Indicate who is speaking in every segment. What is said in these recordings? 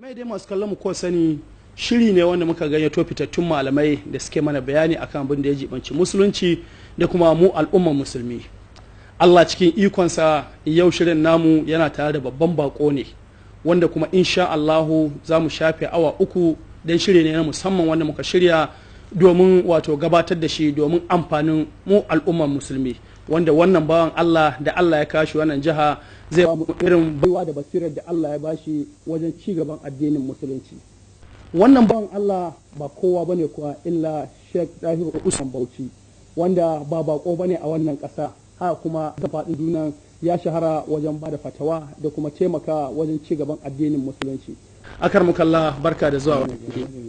Speaker 1: kamar dai masu kallon mu ko sani shiri ne wanda muka gayyato fitattun malamai da suke mana bayani akan abin da ya jibanci musulunci da kuma mu al'umman musulmi Allah cikin ikonsa yau shirin namu yana tare da babban bako ne wanda kuma insha Allahu za mu shafe awa uku don shiri ne na musamman wanda muka shirya domin wato gabatar da shi domin amfanin mu al'umman musulmi wanda wannan bawan Allah da Allah ya kashi wannan jiha zai ba mu irin baiwa da basirar da Allah ya bashi wajen ci gaban addinin musulunci wannan bawan Allah ba kowa bane kuwa illa Sheikh Dahir Usman Bauchi wanda ba bako bane a wannan ƙasa ha kuma da faɗin dunan ya shahara wajen ba da fatawa da kuma taimaka wajen ci gaban addinin musulunci akar mukalla barka da zuwa wannan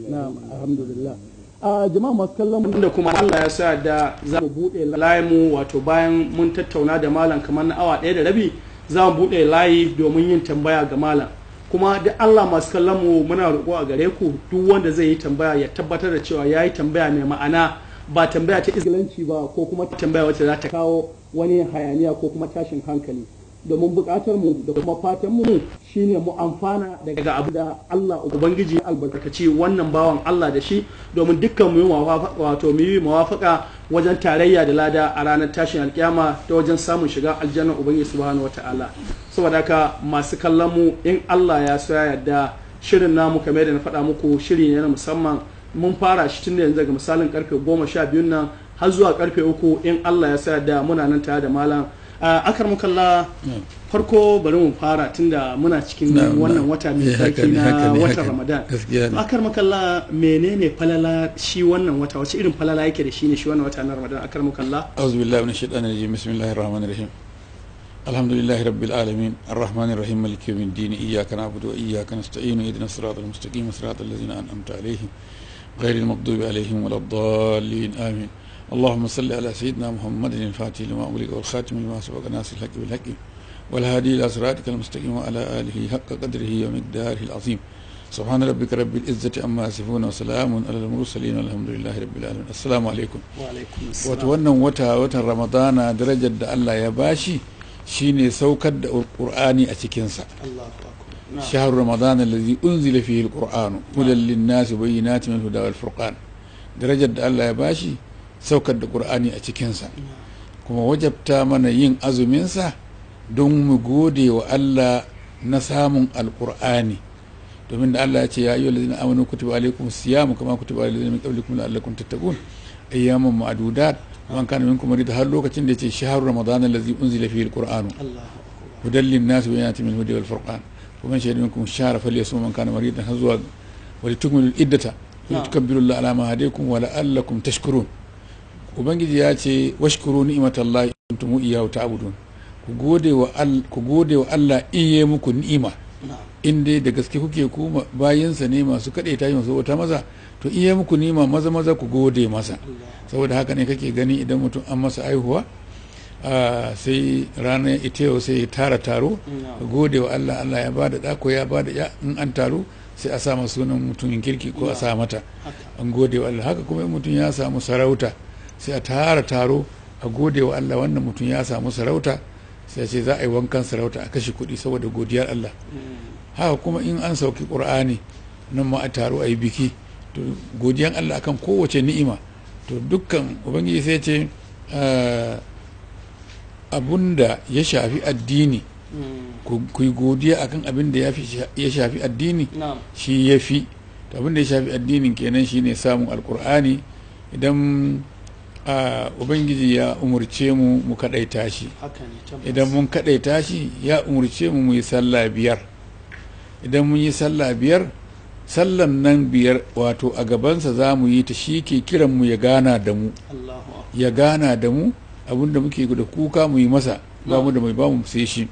Speaker 1: na'am alhamdulillah a jama'a masu kallon da kuma Allah ya sa da za mu buɗe layi mu wato bayan mun tattauna da malam kamar na awa ɗaya da rabi za mu buɗe layi domin yin tambaya ga malam kuma da Allah masu kallon mu muna roƙo a gare ku duk wanda zai yi tambaya ya tabbatar da cewa ya yi tambaya mai ma'ana ba tambaya ta izgilanci ba ko kuma tambaya wacce za ta kawo wani hayaniya ko kuma tashin hankali domin bukatar mu da kuma fatan mu shine mu amfana daga abu da Allah ubangiji albarkaci wannan bawan Allah da shi domin dukkan mu yi wato mu yi mawafaka wajen tarayya da lada a ranar tashin alkiyama ta wajen samun shiga aljanna ubangiji subhanahu wataala saboda haka masu kallon mu in Allah ya so ya yarda shirin namu kamar da na faɗa muku shiri ne na musamman mun fara shi tun da yanzu daga misalin karfe goma sha biyun nan har zuwa karfe uku in Allah ya sa yarda muna nan tare da malam Uh, akar mukalla hmm. farko bari mu fara tunda muna cikin wannan wata mai eh, sarki na watan ramadan akar mukalla menene falala shi wannan wata wace irin falala yake da shi ne shi wannan wata na ramadan akar mukalla
Speaker 2: auzu billahi minash shaitanir rajim bismillahir rahmanir rahim alhamdulillahi rabbil alamin arrahmanir rahim maliki yawmiddin iyyaka na'budu wa iyyaka nasta'in ihdinas siratal mustaqim siratal ladzina an'amta alaihim ghayril maghdubi alaihim waladdallin amin اللهم صل على سيدنا محمد الفاتح لما أغلق والخاتم لما سبق ناصر الحق بالحق والهادي إلى صراطك المستقيم وعلى آله حق قدره ومقداره العظيم سبحان ربك رب العزة عما يصفون وسلام على المرسلين والحمد لله رب العالمين السلام عليكم وعليكم السلام وتونا وتا وتا رمضان درجة الله يا باشي شيني سوكد القرآن أتكنسا الله أكبر نعم. شهر رمضان الذي أنزل فيه القرآن هدى نعم. للناس وبينات من الهدى والفرقان درجة الله يا باشي saukar da ƙur'ani a cikinsa kuma wajabta mana yin azuminsa don mu gode wa Allah na samun alƙur'ani domin da Allah ya ce ya yi wa lazina amanu kutuba alaikum siyamu kama alaikum min qablikum man kana minkum marid har lokacin da ya ce shahar ramadan allazi unzila fihi alqur'anu hudan linnas wa min hudi wal furqan kuma shahid minkum shahra falyasum man kana har zuwa wa iddata wa ala ma hadaykum wa la'allakum tashkurun ubangiji ya ce washkuru ni'matallahi kuntum iyyahu ta'budun ku gode wa ku gode wa Allah in muku ni'ima in dai da gaske kuke ku bayansa ne masu kaɗe ta yi masu wata maza to in muku ni'ima maza maza ku gode masa saboda haka ne kake gani idan mutum an masa aihuwa sai ranar ita sai ya tara taro gode wa Allah Allah ya bada da ko ya bada ya in an taro sai a sa sunan mutumin kirki ko a sa mata an gode wa Allah haka kuma mutum ya samu sarauta sai a tara taro a gode wa Allah wannan mutum ya samu sarauta sai ce za a yi wankan sarauta a kashe kuɗi saboda godiyar Allah haka kuma in an sauki ƙur'ani nan ma a taro a yi biki to godiyan Allah akan kowace ni'ima to dukkan ubangiji sai ce ah, abun da ya shafi addini ku yi godiya akan abin da ya shafi addini shi ya fi abin da ya shafi addinin kenan shine samun alkur'ani idan a ubangiji ya umurce mu mu kadai shi idan mun kadai tashi ya umurce mu mu yi sallah biyar idan mun yi sallah biyar sallan nan biyar wato a gabansa za mu yi ta shi ke kiran mu ya gana da mu ya gana da mu abinda muke da kuka mu yi masa ba mu da mai ba mu sai shi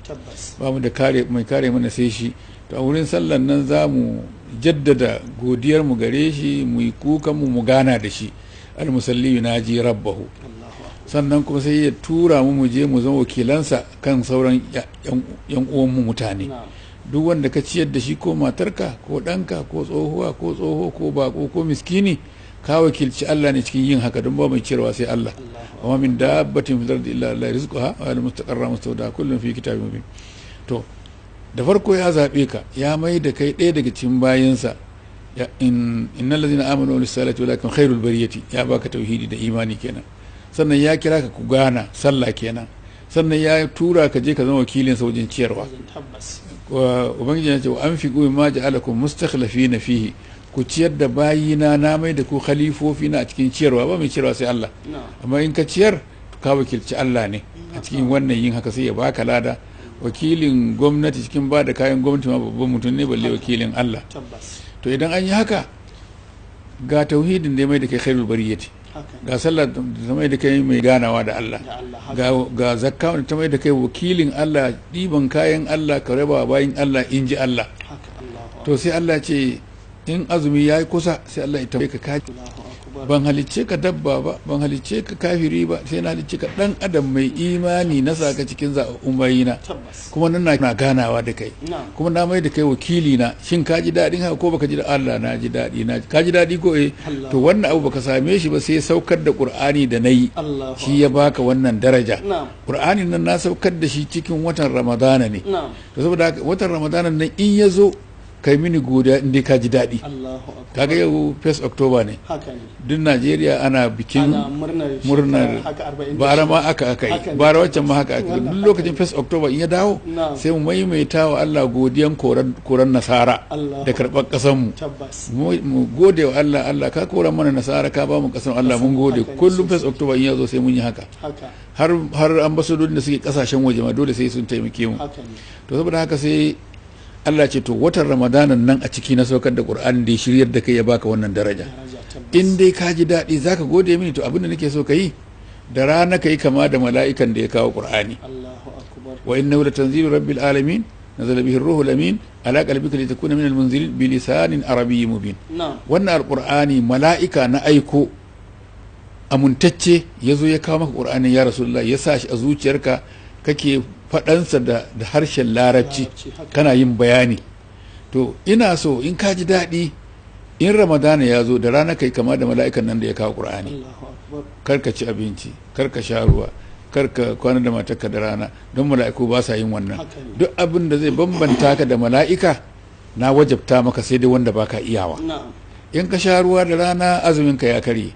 Speaker 2: ba mu da kare mai kare mana sai shi to a wurin sallan nan za mu jaddada godiyar mu gare shi mu yi kuka mu mu gana da shi almusalli yunaji rabbahu sannan kuma sai ya tura mu mu je mu zama wakilansa kan sauran yan uwanmu mutane duk wanda ka ciyar da shi ko matarka ko danka ko tsohuwa ko tsoho ko bako ko miskini ka wakilci Allah ne cikin yin haka don ba mai cewa sai Allah amma min dabbatin fil da illa Allah rizquha wa al mustaqarra mustawda kullun fi kitabin mubin to da farko ya zabe ka ya mai da kai ɗaya daga cikin bayansa in innal ladina amanu wala kan khairul bariyati ya baka tauhidi da imani kenan sannan ya kira ka ku gana sallah kenan sannan ya tura ka je ka zama wakilin sa wajen ciyarwa ubangiji ya ce wa an fi ji alakun ja'alakum na fihi ku ciyar da bayina na mai da ku khalifofi na a cikin ciyarwa ba mai ciyarwa sai Allah amma in ka ciyar ka wakilci Allah ne a cikin wannan yin haka sai ya baka lada wakilin gwamnati cikin ba da kayan gwamnati ma babban mutum ne balle wakilin Allah to idan an yi haka ga tauhidin da mai da kai khairul bariyati ga sallah da mai da kai mai ganawa da Allah ga zakka da ta mai da kai wakilin Allah ɗiban kayan Allah ka raba bayan Allah in ji Allah to sai Allah ce in azumi ya yi kusa sai Allah ya tambaye ka kaji ban halicce ka dabba ba ban halicce ka kafiri ba sai na halicce ka dan adam mai imani na saka cikin zaɓaɓɓun kuma nan na ganawa da kai kuma na mai da kai wakili na shin ka ji daɗin haka ko baka ji da Allah na ji daɗi na ka ji daɗi ko eh to wannan abu baka same shi ba sai saukar da Qur'ani da nayi shi ya baka wannan daraja Qur'ani nan na saukar da shi cikin watan Ramadana ne to saboda watan Ramadana nan in ya zo kai mini godiya inda ka ji daɗi kaga yau first october ne duk najeriya ana bikin murnar bara ma aka aka yi bara waccan ma haka aka duk lokacin first october in ya dawo sai mu maimaita wa allah godiyan koran nasara da karɓar ƙasar mu Mu gode wa allah allah ka koran mana nasara ka ba mu ƙasar allah mun gode kullum first october in ya zo sai mun yi haka har ambasadodin da suke ƙasashen waje ma dole sai sun taimake mu to saboda haka sai Allah ce to watan ramadanan nan a ciki na saukar da qur'ani da shiryar da kai ya baka wannan daraja in dai ka ji daɗi zaka gode mini to abin da nake so ka yi da rana ka yi kama da mala'ikan da ya kawo qur'ani wa innahu tanzilu rabbil alamin nazala bihi ruhu lamin ala qalbika takuna min munzirin bi lisanin arabiyyin mubin wannan alqur'ani mala'ika na aiko amintacce ya zo ya kawo maka ƙur'anin ya rasulullah ya sa shi a zuciyarka kake faɗansa da, harshen larabci kana yin bayani to ina so in ka ji daɗi in ramadana ya zo da rana kai kama da mala'ikan nan da ya kawo ƙur'ani karka ci abinci karka sha ruwa karka kwana da matarka da rana don mala'iku ba sa yin wannan duk abin da zai bambanta ka da mala'ika na wajabta maka sai dai wanda baka iyawa in ka sha ruwa da rana azumin ka ya karye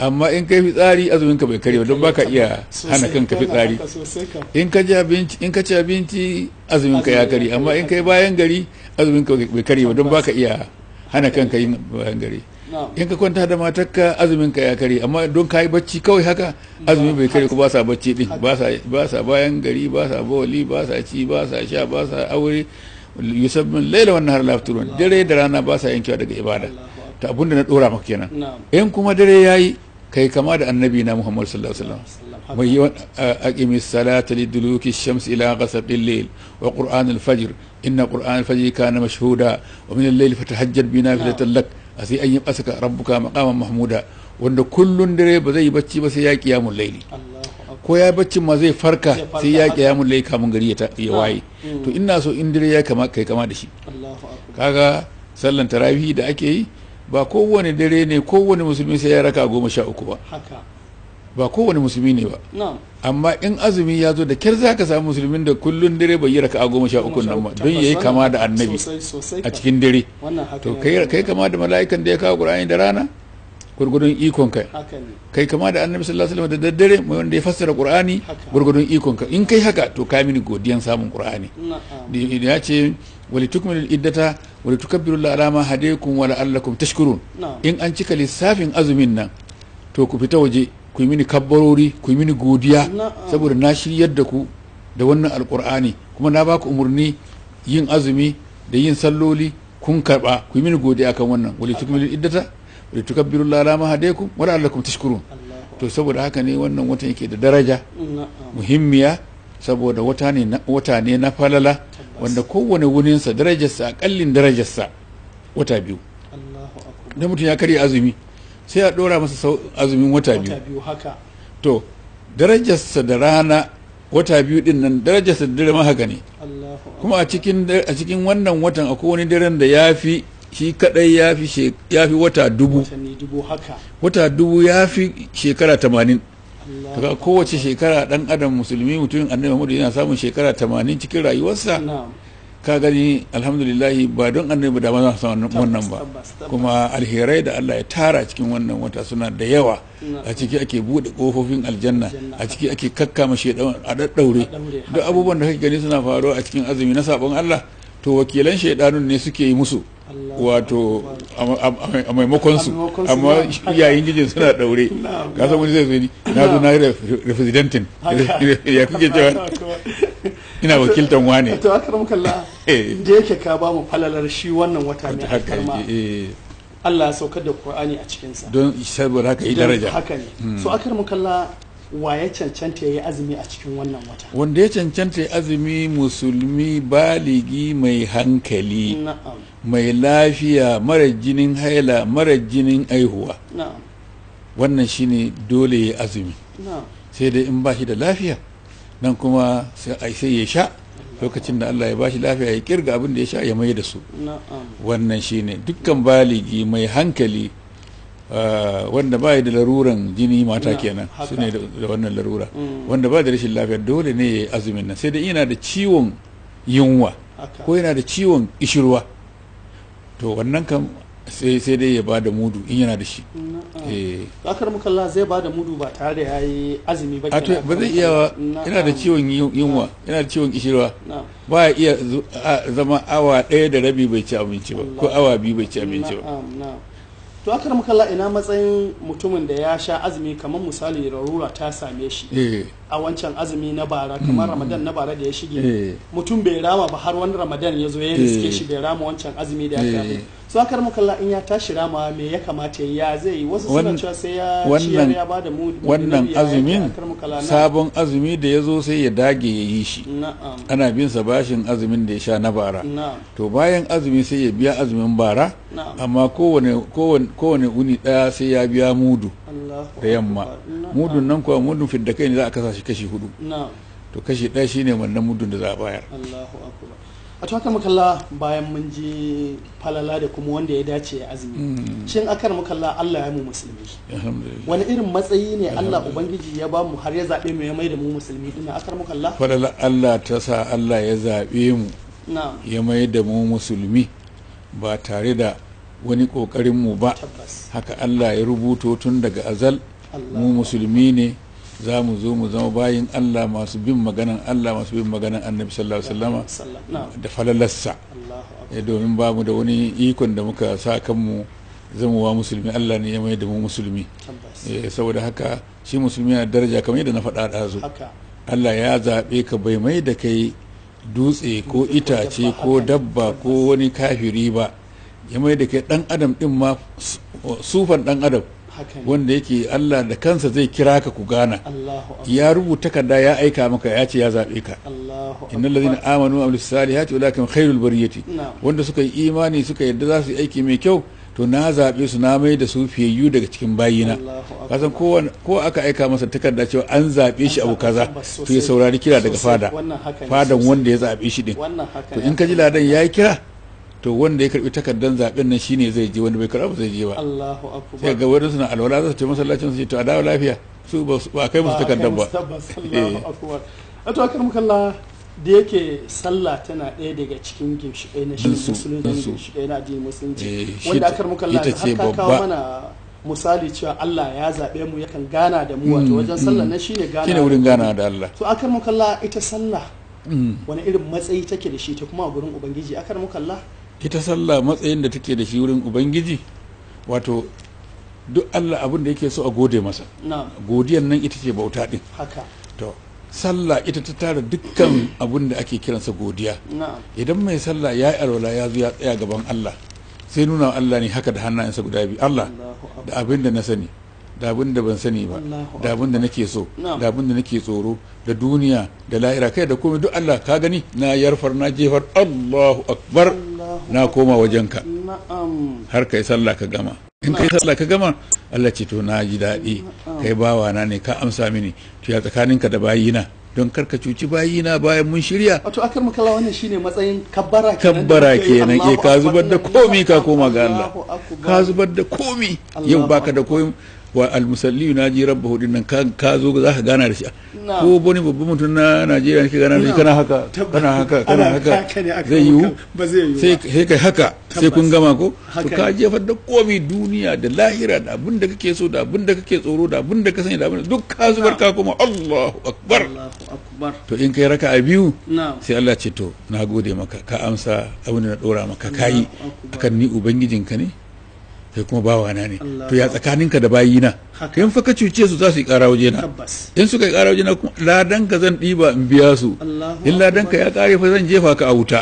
Speaker 2: amma in kai fitsari azumin ka bai karewa don baka iya hana kanka fitsari in ka ci abinci in ka ci abinci azumin ka ya kare amma in kai bayan gari azumin ka bai karewa don baka iya hana kanka yin bayan gari in ka kwanta da matarka azumin ka ya kare amma don ka yi bacci kawai haka azumin bai kare ko ba sa bacci din ba sa bayan gari ba sa bawali ba sa ci ba sa sha ba sa aure bin laila wannan har lafturon dare da rana ba sa yankewa daga ibada ta abinda na dora maka kenan in kuma dare yayi kai kama da annabi na muhammad sallallahu alaihi wasallam mai yawan aqimi salata liduluki shams ila ghasaqi al-layl wa qur'an al-fajr inna qur'an al-fajr kana mashhuda wa min al-layl fatahajjad bi nafilatan lak asi an yabasaka rabbuka maqaman mahmuda wanda kullun dare ba zai bacci ba sai ya qiyamul layli ko ya baccin ma zai farka sai ya qiyamul layli kamun gari ya waye to ina so in dare ya kama kai kama da shi kaga sallan tarawih da ake yi ba kowane dare ne kowane musulmi sai ya raka goma sha uku ba ba kowane musulmi ne ba amma in azumi ya zo da kyar za ka samu musulmin da kullun dare bai yi raka goma sha uku nan ba don ya yi kama da annabi a cikin dare to kai kama da mala'ikan da ya kawo ƙur'ani da rana gurgudun ikon kai kai kama da annabi sallallahu alaihi wasallam da daddare mai wanda ya fassara qur'ani gurgudun ikon ka in kai haka to ka mini godiyan samun qur'ani ya ce wali walitukmilu iddata wali walitukabbiru alama hadaykum wa la'allakum tashkurun in an cika lissafin azumin nan to ku fita waje ku mini kabbarori ku mini godiya saboda na shiryar da ku da wannan alqur'ani kuma na baku umarni yin azumi da yin salloli kun karba ku mini godiya kan wannan wali tukmilu iddata wali tukabbiru lala ma hadaikum wa la'allakum tashkurun to saboda haka ne wannan watan yake da daraja muhimmiya saboda wata ne na falala wanda kowane wuninsa darajarsa a ƙallin darajarsa wata biyu da mutum ya karya azumi sai a ɗora masa azumin wata biyu to darajarsa da rana wata biyu din nan darajarsa da dare haka ne kuma a cikin wannan watan akwai wani daren da ya fi shi kadai ya fi wata dubu wata dubu ya fi shekara tamanin daga kowace shekara dan adam musulmi mutumin annabi muhammadu yana samun shekara tamanin cikin rayuwarsa ka gani alhamdulillahi ba don annabi da ba za wannan ba kuma alherai da Allah ya tara cikin wannan wata suna da yawa a ciki ake bude kofofin aljanna a ciki ake kakkama shedan a daddaure duk abubuwan da kake gani suna faruwa a cikin azumi na sabon Allah to wakilan shaidanun ne suke yi musu wato a maimakon su amma yayin gijin suna daure ka san wani zai zai ni na zo na representin ya kuke cewa ina wakiltan wane to
Speaker 1: aka ramu kalla eh. da yake ka ba mu falalar shi wannan wata mai alfarma eh. Allah ya saukar da Qur'ani a cikinsa don
Speaker 2: saboda haka yi daraja haka ne
Speaker 1: hmm. so aka ramu kalla wa ya cancanta ya yi azumi a cikin wannan wata
Speaker 2: wanda ya cancanta ya azumi musulmi baligi mai hankali mai lafiya mara jinin haila mara jinin aihuwa wannan shine dole ya azumi sai dai in ba shi da lafiya nan kuma sai ya sha lokacin da Allah ya ba shi lafiya ya kirga abin da ya sha ya mai da su wannan shine dukkan baligi mai hankali Eh, wanda ba da laruran jini mata kenan su ne da wannan larura mm. wanda ba da rashin lafiya dole ne ya yi azumin nan sai da yana da ciwon yunwa ko yana da ciwon ishirwa to wannan kam sai dai ya ba da mudu in yana da shi
Speaker 1: akar eh. mukalla zai bada mudu ba tare da yi azumi ba to ba zai iya yana da
Speaker 2: ciwon yunwa yana da ciwon kishirwa ba ya iya zama awa ɗaya da rabi bai ci abinci ba ko awa biyu bai ci abinci
Speaker 1: ba to aka makalla ina matsayin mutumin da ya sha azumi kamar misali rarura ta same shi eh. a wancan azumi na bara kamar hmm. ramadan na bara da ya
Speaker 2: shige eh.
Speaker 1: mutum bai rama ba har wani ramadan ya zo ya riske eh. shi bai rama wancan azumi da ya kame so kar in ya tashi rama me ya kamata ya zai wasu suna cewa sai ya ciyar ya bada mu wannan azumin sabon
Speaker 2: azumi da ya zo sai ya dage ya yi shi ana bin sa bashin azumin da ya sha na bara to bayan azumi sai ya biya azumin bara amma kowane kowane uni daya sai ya biya mudu da yamma mudun nan kuwa mudun fidda kai ne za a kasa shi kashi hudu to kashi daya shine wannan mudun da za a bayar
Speaker 1: Allahu akbar a to haka bayan mun je falala da kuma wanda ya dace ya azumi mm. shin akar mukalla Allah ya mu musulmi wani irin matsayi ne Allah ubangiji ya ba mu har ya zabe mu ya mai da mu musulmi din akar mukalla
Speaker 2: falala Allah ta sa Allah ya zabe mu ya mai da mu musulmi ba tare da wani kokarin mu ba haka Allah ya rubuto tun daga azal mu musulmi ne za mu zo mu zama bayin Allah masu bin maganan Allah masu bin maganan annabi sallallahu alaihi wasallama da falalarsa eh, domin ba mu da wani ikon da muka sa kanmu zamowa musulmi Allah ne ya mai da mu musulmi eh, saboda haka shi musulmi na daraja kamar yadda na faɗa zo Allah ya zaɓe ka bai mai da kai dutse ko itace ko dabba ko wani kafiri ba ya mai da kai ɗan adam ɗin ma sufan ɗan adam wanda yake Allah da kansa zai kira ka ku gana ya rubuta kada ya aika maka ya ce ya zabe ka innal ladina amanu wa amilus salihati ulaika khairul bariyati wanda suka yi imani suka yadda za su yi aiki mai kyau to na zaɓe su na mai da su fiyayyu daga cikin bayina kasan ko aka aika masa takarda cewa an zaɓe shi abu kaza to ya saurari kira daga fada fadan wanda ya zaɓe shi din to in ka ji ladan ya yi kira to wanda ya karbi takardar zaben nan shine zai je wanda bai karɓa zai je ba Allahu akbar sai ga wani suna alwala za su ce masallacin su ce to a dawo lafiya su ba kai musu takardar ba eh. Allahu
Speaker 1: akbar ato akar mukalla da yake sallah tana ɗaya daga cikin ginshiƙai na shi da ginshiƙai na addinin musulunci eh, wanda akar mukalla har ka kawo mana misali cewa Allah ya zaɓe mu yakan gana da mu wato mm, wajen sallah mm. na shine gana shine wurin
Speaker 2: gana da Allah
Speaker 1: to akar mukalla ita sallah mm. wani irin matsayi take da shi ta kuma a gurin ubangiji akar mukalla
Speaker 2: ita sallah matsayin da take da shi wurin ubangiji wato duk allah abin da yake so a gode masa godiyan nan ita ce bauta din to sallah ita ta tara dukkan abin da ake kiransa godiya idan mai sallah ya yi alwala ya zo ya tsaya gaban allah sai nuna wa allah ne haka da hannayensa guda biyu allah da abin da na sani da abin da ban sani ba da abin da nake so da abin da nake tsoro da duniya da lahira kai da komai duk allah ka gani na yarfar na jefar allahu akbar na koma wajenka har kai sallah ka gama in kai sallah ka gama Allah ce to na ji daɗi kai bawa na ne ka amsa mini to ya ka da bayina don kar ka cuci bayina bayan mun shirya
Speaker 1: wato akan makala wannan shine matsayin kabbara kenan kabbara kenan eh ka
Speaker 2: zubar da komi ka koma ga Allah ka zubar da komi yau baka da komi wa almusalli na ji rabbahu din nan ka zo za ka gana da shi ko wani babban mutum na Najeriya ne ka gana da shi kana haka kana haka kana haka zai yiwu sai kai haka sai kun gama ko to ka jefar da komai duniya da lahira da abin da kake so da abin da kake tsoro da abin da ka sani da abin duk ka zubar ka kuma Allahu akbar to in kai raka a biyu sai Allah ce to na gode maka ka amsa abin da na dora maka kayi akan ni ubangijinka ne kai kuma wa ne to ya tsakaninka da bayina in fa ka cuce su za su yi ƙara waje na in suka yi ƙara waje na kuma ladan ka zan ɗiba in biya su in ladan ka ya ƙare fa zan jefa ka a wuta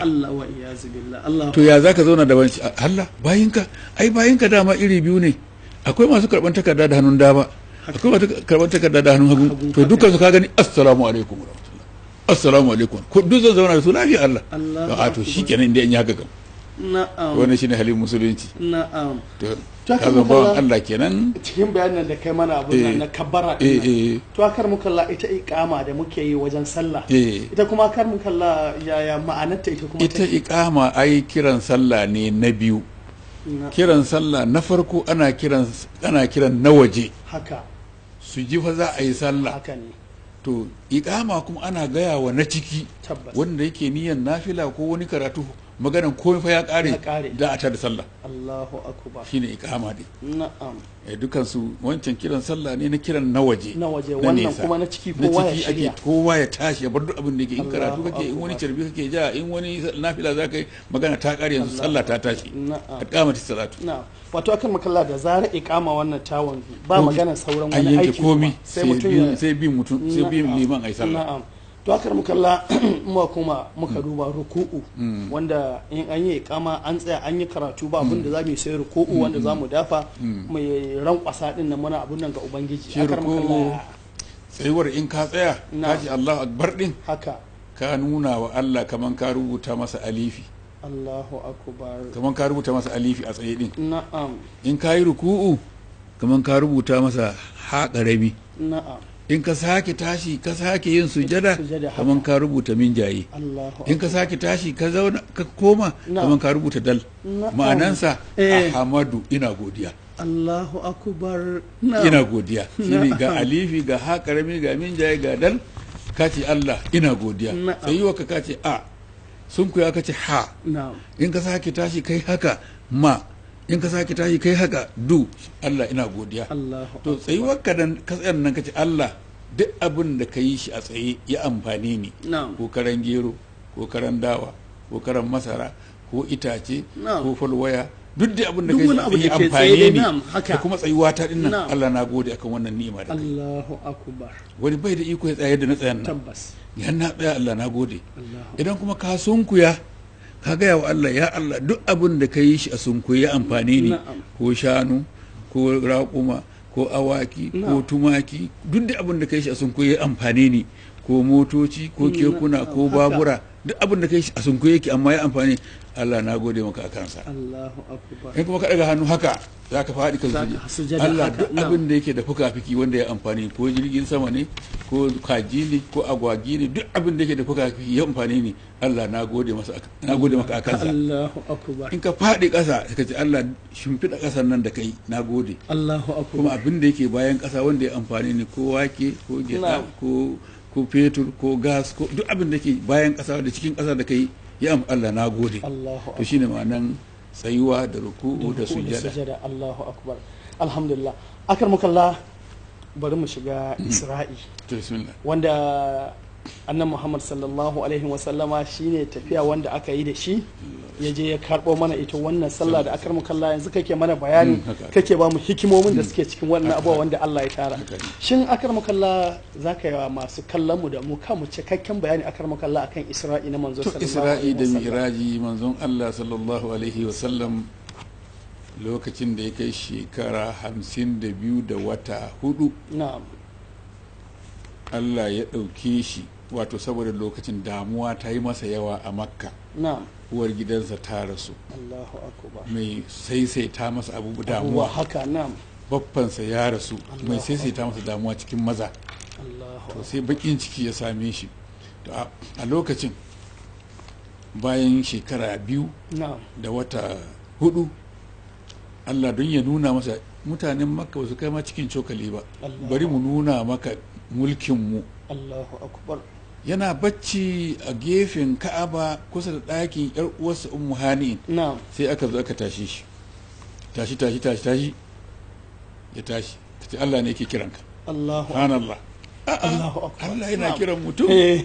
Speaker 2: to ya za ka zauna da ban Allah bayinka ai bayinka dama iri biyu ne akwai masu karɓar takarda da hannun dama akwai masu karɓar takarda da hannun hagu to dukkan su ka gani assalamu alaikum assalamu alaikum ko duk zan zauna da su lafiya Allah a to kenan inda in yi haka kam
Speaker 1: na'am shi
Speaker 2: shine halin musulunci na'am to ka zama bawan Allah kenan
Speaker 1: cikin bayanan da kai mana abu eh. na kabbara eh, din eh, to akar kalla ita iqama da muke yi wajen sallah ita kuma akar kalla yaya ma'anarta ita kuma ita
Speaker 2: iqama ai kiran sallah ne na biyu kiran sallah na farko ana kiran ana kiran na waje haka su ji fa za a yi sallah haka ne to iqama kuma ana gaya wa na ciki wanda yake niyan nafila ko wani karatu maganin komai fa ya kare da a tada sallah
Speaker 3: Allahu akbar shine ikama dai na'am
Speaker 2: eh dukan su wancan kiran sallah ne na kiran na waje na waje wannan kuma na ciki ko waya shi ake kowa ya tashi ya bar duk abin da yake in karatu kake in wani carbi kake ja in wani nafila zaka yi magana ta kare yanzu sallah ta tashi na'am iqamati salatu na'am
Speaker 1: wato akan makalla da zara iqama wannan tawon ba magana sauran wani aiki sai mutum sai bi
Speaker 2: mutum sai bi liman ai sallah na'am
Speaker 1: to mu kalla mu kuma muka duba ruku'u mm. wanda in an yi kama an tsaya an yi karatu ba abin da mm. za mu yi sai ruku'u wanda za mm. mu dafa mu rankwasa din nan muna abun nan ga ubangiji akar kalla
Speaker 2: tsayuwar in ka tsaya ka ji Allahu akbar din haka ka nuna wa Allah kaman ka rubuta masa alifi
Speaker 3: Allahu akbar kaman
Speaker 2: ka rubuta masa alifi a tsaye din na'am in ka yi ruku'u kaman ka rubuta masa haƙa rabi na'am in ka sake tashi ka sake yin sujada kaman ka rubuta min jaye in ka sake tashi ka zauna ka koma kaman ka rubuta dal
Speaker 3: ma'anansa
Speaker 2: eh. ahmadu ina godiya
Speaker 3: Allahu akubar ina
Speaker 2: godiya shine ga alifi ga ha karami ga min jaye ga dal ka ce Allah ina godiya sai yiwa ka ce a sun kuya ka ce ha in ka sake tashi kai haka ma in ka sake tashi kai haka du Allah ina godiya to tsayuwar ka dan ka tsayar nan kace Allah duk abin da ka yi shi a tsaye ya amfane ni ko karan gero ko karan dawa ko karan masara ko itace ko fulwaya duk da abin da kai yi amfane ni da kuma tsayuwa ta dinnan Allah na gode akan wannan ni'ima da
Speaker 3: Allahu akbar
Speaker 2: wani bai da iko ya tsaye da na tsayan nan tabbas yan na tsaya Allah na gode idan kuma ka sunkuya ka gaya wa Allah ya Allah duk abin da ka yi shi a ya amfani ne ko shanu ko raƙuma ko awaki ko tumaki duk da abin da ka yi shi a ya amfani ne ko motoci ko kekuna ko babura duk abin da ka yi shi a sunkuyi yake amma ya amfani Allah na gode maka a kansa in kuma ka daga hannu haka za ka faɗi ka sujada Allah duk abin da yake da fuka-fiki wanda ya amfani ko jirgin sama ne ko kaji ne ko agwagi ne duk abin da yake da fuka-fiki ya amfani ne Allah na gode maka a kansa in ka faɗi ƙasa ka ce Allah shimfiɗa ƙasar nan da kai na gode kuma abin da yake bayan ƙasa wanda ya amfani ne ko wake ko gyaɗa ko fetur ko gas ko duk abin da yake bayan ƙasa da cikin ƙasa da kai ya am Allah na gode to ne ma'anan tsayuwa da ruku'u da sujada
Speaker 1: Allahu akbar alhamdulillah akar mukalla bari mu shiga hmm. isra'i wanda annan muhammad sallallahu alaihi wasallama shine tafiya wanda aka yi da shi ya je ya karbo mana ita wannan sallah da akar kalla yanzu kake mana bayani hmm, kake ba mu hikimomin da hmm. suke cikin wannan abuwa wanda Allah ya tara shin akar kalla za ka yawa masu kallon mu da mu ka mu cikakken bayani akar kalla akan isra'i na manzo sallallahu alaihi isra'i da miraji
Speaker 2: manzon Allah sallallahu alaihi wasallam lokacin da ya kai shekara hamsin da biyu da wata hudu Allah ya ɗauke shi wato saboda lokacin damuwa ta yi masa yawa a makka uwar gidansa ta rasu mai saisaita masa abu damuwa haka Babbansa ya rasu mai saisaita masa damuwa cikin maza to sai bakin ciki ya same shi a lokacin bayan shekara biyu da wata hudu allah don ya nuna masa mutanen makka ba su kai ma cikin cokali ba bari mu nuna maka mulkinmu allahu akbar yana bacci a gefen ka'aba kusa da ɗakin yar uwarsa ummu hani sai aka zo aka tashi shi tashi tashi tashi tashi ya tashi ta ce Allah ne yake kiranka Allahu Allah Allah yana kiran mutum eh.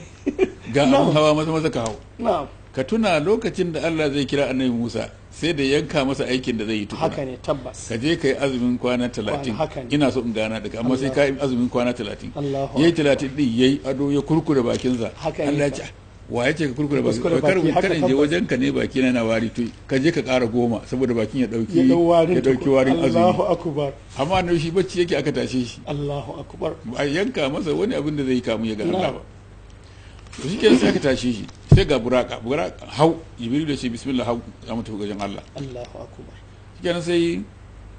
Speaker 2: ga abin hawa maza maza ka hau ka tuna lokacin da Allah zai kira annabi Musa sai da yanka masa aikin da zai yi tukuna haka ne tabbas ka je ka yi azumin kwana talatin ina so in gana daga amma sai ka yi azumin kwana talatin ya yi talatin din ya yi ado ya kurkure bakinsa Allah ya ce wa ya ce ka kurkure ka kar kar je wajen ka ne baki na na wari to ka je ka ƙara goma saboda bakin ya dauki ya dauki warin azumi Allahu akbar amma ne shi bacci yake aka tashe shi Allahu akbar ba yanka masa wani abin da zai kamu ya ga Allah ba to shi kenan sai aka tashi shi sai ga buraka buraka hau jibril da ce bismillah hau za mu gajen Allah
Speaker 3: Allahu akbar
Speaker 2: shi kenan sai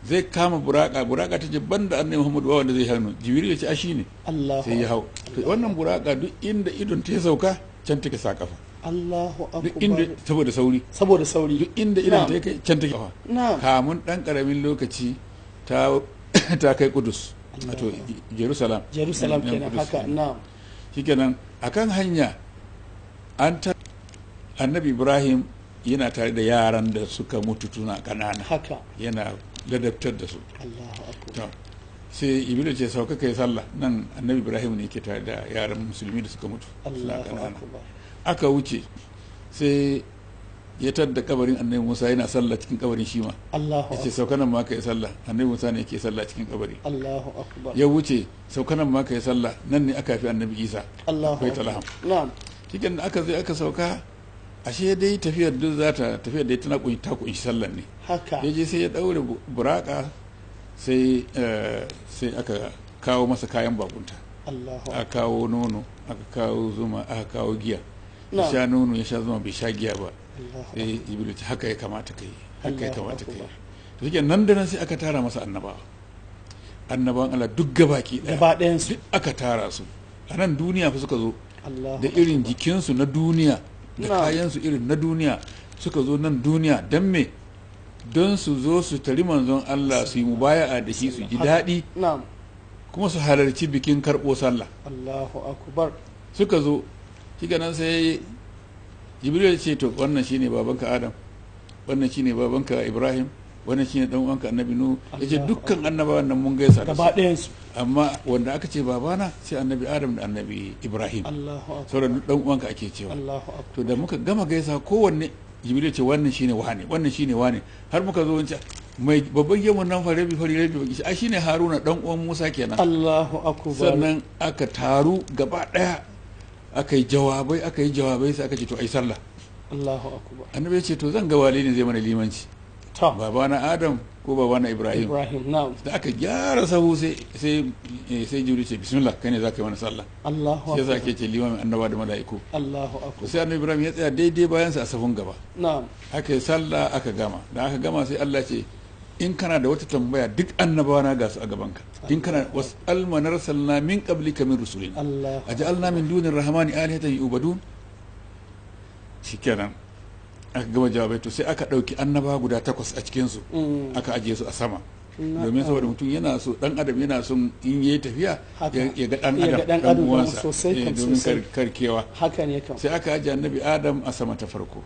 Speaker 2: zai kama buraka buraka ta ce banda annabi Muhammad ba wanda zai hannu jibril ya ce a shine Allahu sai ya hau to wannan buraka duk inda idon ta sauka can take sa kafa
Speaker 3: Allahu akbar duk inda
Speaker 2: saboda sauri saboda sauri duk inda idon ta kai can take
Speaker 3: kafa
Speaker 2: kamun dan karamin lokaci ta ta kai kudus wato jerusalem jerusalem kenan haka na'am shikenan akan hanya an ta annabi ibrahim yana tare da yaran da suka mutu tuna kanana haka yana ladabtar da su sai ibilu ce sauka kai sallah nan annabi ibrahim ne ke tare da yaran musulmi da suka mutu suna kanana aka wuce sai ya tadda kabarin annabi Musa yana sallah cikin kabarin shi ma Allahu yace saukanan ma ka yi sallah annabi Musa ne ke sallah cikin kabari ya wuce saukanan ma ka yi sallah nan ne aka fi annabi Isa Akwai talaham Cikin da aka zai aka sauka ashe dai tafiyar duk za ta tafiyar dai tana kunshi ta kunshi sallar ne ya yaje sai ya daure buraka sai eh, sai aka kawo masa kayan bakunta a kawo nono aka kawo zuma aka kawo giya ya sha nono ya sha zuma bai sha giya ba eh haka ya kamata kai haka ya kamata kai to shike nan da nan sai aka tara masa annabawa annabawan Allah duk gabaki daya gaba ɗayan su aka tara su a nan duniya fa suka zo da irin jikinsu na duniya da kayansu irin na duniya suka zo nan duniya dan me don su zo su tari manzon Allah su yi mubaya'a da shi su ji daɗi kuma su halarci bikin karɓo sallah Allahu akbar suka zo shi nan sai jibril ya ce to wannan shine babanka adam wannan shine babanka ibrahim wannan shine dan uwanka annabi nu yace dukkan annabawan nan mun gaisa da su amma wanda aka ce babana sai annabi adam da annabi ibrahim sauran dan uwanka ake cewa to da muka gama gaisa kowanne jibril ce wannan shine wane wannan shine wane har muka zo wancan mai babban yamma nan fare bi fare bi baki a shine haruna dan uwan musa kenan allahu akbar sannan aka taru gaba daya aka yi jawabai aka yi jawabai sai aka ce to ai sallah
Speaker 3: Allahu akbar
Speaker 2: annabi ya ce to zan ga walidin zai mana limanci To. babana adam ko babana ibrahim
Speaker 3: Ibrahim da aka gyara sahu
Speaker 2: sai sai eh, sai jibril ce bismillah kai ne zaka yi mana sallah
Speaker 3: Allahu akbar sai zaka
Speaker 2: ce limanci annaba da mala'iku Allahu akbar sai annabi ibrahim ya tsaya daidai sa a safun gaba na'am aka yi sallah aka gama da aka gama sai Allah ce in kana da wata tambaya duk annabawa na gasu a gabanka in kana wasu alma arsalna min qablika min rusulina aj'alna min dunir rahmani alihatan yu'badun shikenan aka gama jawabai to sai aka ɗauki annabawa guda takwas a cikinsu mm. aka ajiye su a sama domin saboda mutum yana so dan adam yana son in yi tafiya ya ga dan adam dan uwansa eh, domin karkewa ne sai aka aje annabi adam a sama ta farko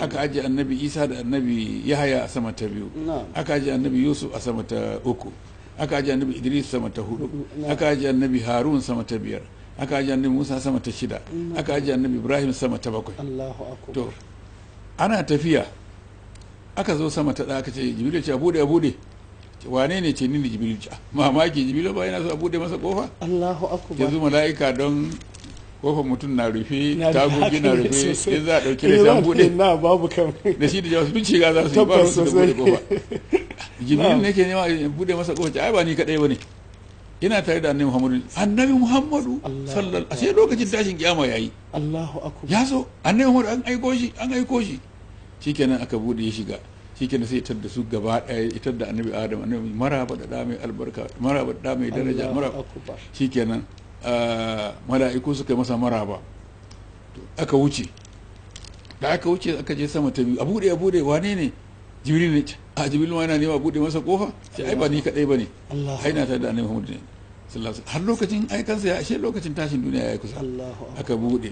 Speaker 2: aka aje annabi isa da annabi yahaya a sama ta biyu aka aje annabi yusuf a sama ta uku aka aje annabi idris sama ta hudu aka aje annabi harun sama ta biyar aka aje annabi musa sama ta shida aka aje annabi ibrahim sama ta bakwai to ana tafiya aka zo sama ta ɗaya aka ce jibril ce a bude a bude wane ne ce nini ne jibilu ah, mamaki jibilu ba yana sabu a bude masa kofa
Speaker 3: Allahu akbar
Speaker 2: yanzu mala'ika don kofa mutum na rufe tagogi na rufe in za a dauki da san bude
Speaker 1: na babu da shi da jawasu duk shiga za su yi ba su da bude
Speaker 2: kofa ne ke nema bude masa kofa ai ba ni kadai bane ina tare da annabi muhammadu annabi muhammadu sallallahu alaihi sai lokacin tashin kiyama yayi Allahu akbar ya zo annabi muhammadu an aiko shi an aiko shi shikenan aka bude ya shiga na sai itar da su gaba ɗaya itar da annabi adam annabi maraba da da albarka maraba da da mai daraja maraba shikenan ah, mala'iku suka masa maraba aka wuce da aka wuce aka je sama ta biyu a bude a bude wane ne jibril ne a ah, jibril ma yana nema bude masa kofa sai ai ba ni kadai bane ai na ta da annabi muhammad ne sallallahu har lokacin ai kansa ya ashe lokacin tashin duniya ya kusa aka bude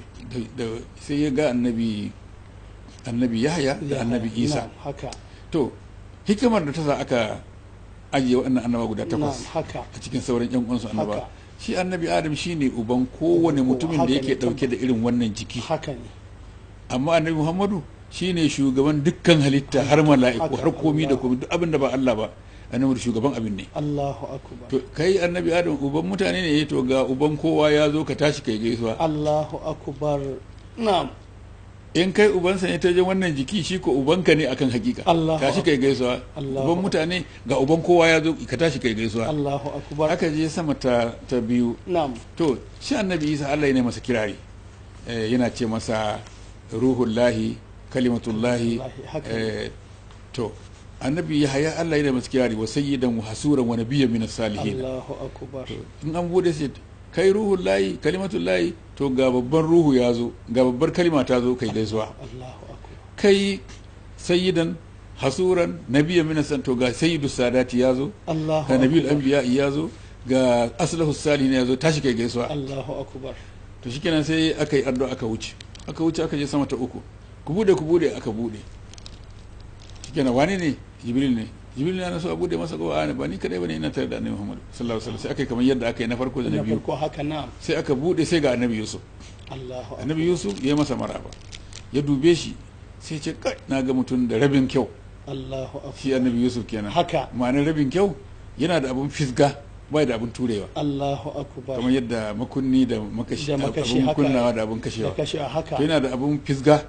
Speaker 2: sai ya ga annabi annabi yahya da annabi isa haka to hikimar da ta sa aka ajiye waɗannan annaba guda takwas
Speaker 3: a cikin
Speaker 2: sauran yan uwansu annaba shi annabi adam shine uban kowane mutumin da yake dauke da irin wannan jiki amma annabi muhammadu shine shugaban dukkan halitta har mala'iku har komi da komi duk abin da ba Allah ba annabi shugaban abin ne Allahu akbar to kai annabi adam uban mutane ne to ga uban kowa ya zo ka tashi kai gaisuwa
Speaker 3: Allahu akbar
Speaker 2: na'am in kai ubansa ne ta je wannan jiki shi ko ubanka ne akan hakika ka shi kai gaisuwa uban mutane ga uban kowa ya zo ka tashi kai gaisuwa Allahu akbar aka je sama ta ta biyu na'am to shi annabi Isa Allah ne masa kirari eh, yana ce masa ruhullahi kalimatullahi eh, to annabi ya haya Allah yana masa kirari wa sayyidan wa hasuran wa nabiyyan min salihin Allahu akbar in an bude sai kai ruhun layi kalimatun layi to ga babban ruhu ya zo ga babbar kalima ta zo kai gaisuwa kai sayyidan hasuran Nabiya minasan to ga sayyidu sadati ya zo ga nabiyul anbiya ya zo ga aslahu salihin ya zo tashi kai gaisuwa Allahu akbar to shikenan sai aka yi addu'a aka wuce aka wuce aka je sama ta uku ku bude ku bude aka bude shikenan wani ne jibril ne jibril na so a bude masa gowa ne ba ni kadai bane ina tare da annabi muhammad sallallahu alaihi wasallam sai aka kamar yadda aka yi na farko da na biyu ko haka na sai aka bude sai ga annabi yusuf allahu annabi yusuf ya masa maraba ya dube shi sai ce kai na ga mutum da rabin kyau
Speaker 3: allahu akbar shi
Speaker 2: annabi yusuf kenan haka ma'ana rabin kyau yana da abun fisga bai da abun turewa
Speaker 3: Allahu akbar
Speaker 2: kamar yadda makunni da makashi abun kunnawa da abun kashewa
Speaker 1: kashewa haka yana
Speaker 2: da abun fisga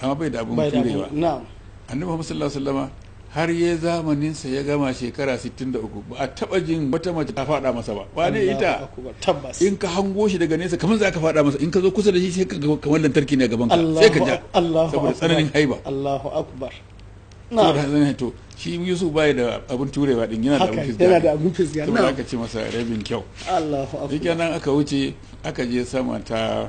Speaker 2: amma bai da abun turewa na'am annabi Muhammad sallallahu alaihi wasallama har ya zamaninsa ya gama shekara 63 ba a taba jin wata mace ta fada masa ba wane ita in ka hango shi daga nesa kamar za ka fada masa in ka zo kusa da shi sai ka kamar lantarki ne a gaban ka sai ka ja saboda tsananin haiba Allahu akbar na to shi Yusuf bai da abun turewa din yana da abun fisga yana da abun fisga na aka ce masa rabin kyau Allahu akbar nan aka wuce aka je sama ta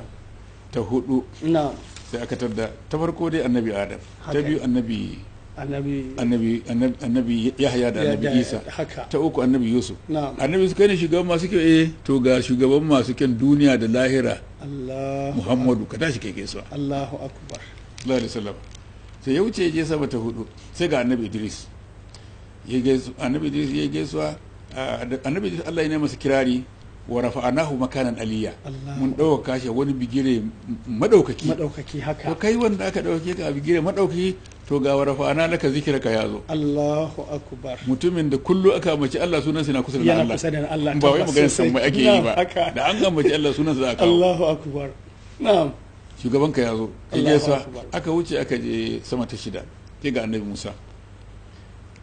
Speaker 2: ta hudu na sai aka tadda ta farko dai annabi Adam ta biyu annabi annabi annabi yahya da annabi isa ta uku annabi yusuf annabi su kai ne shugaban masu kyau eh to ga shugaban masu kyan duniya da lahira muhammadu ka tashi kai suwa
Speaker 3: allahu akbar
Speaker 2: sallallahu alaihi wasallam sai ya wuce je sama ta hudu sai ga annabi idris ya gaisu annabi idris ya gaisuwa annabi idris allah ya ne masa kirari wa rafa'anahu makanan aliyya mun dauka shi wani bigire madaukaki madaukaki haka kai wanda aka dauke ka bigire madaukaki to ga warfana laka zikirka ya zo Allahu akbar mutumin da kullu aka mace Allah sunansa yana kusa da Allah yana kusa da Allah ba wai maganar san mai ake yi ba da an mace Allah sunansa za kawo.
Speaker 3: Allahu akbar na'am
Speaker 2: shugaban ka ya zo ki gaisa aka wuce aka je sama ta shida ke ga annabi Musa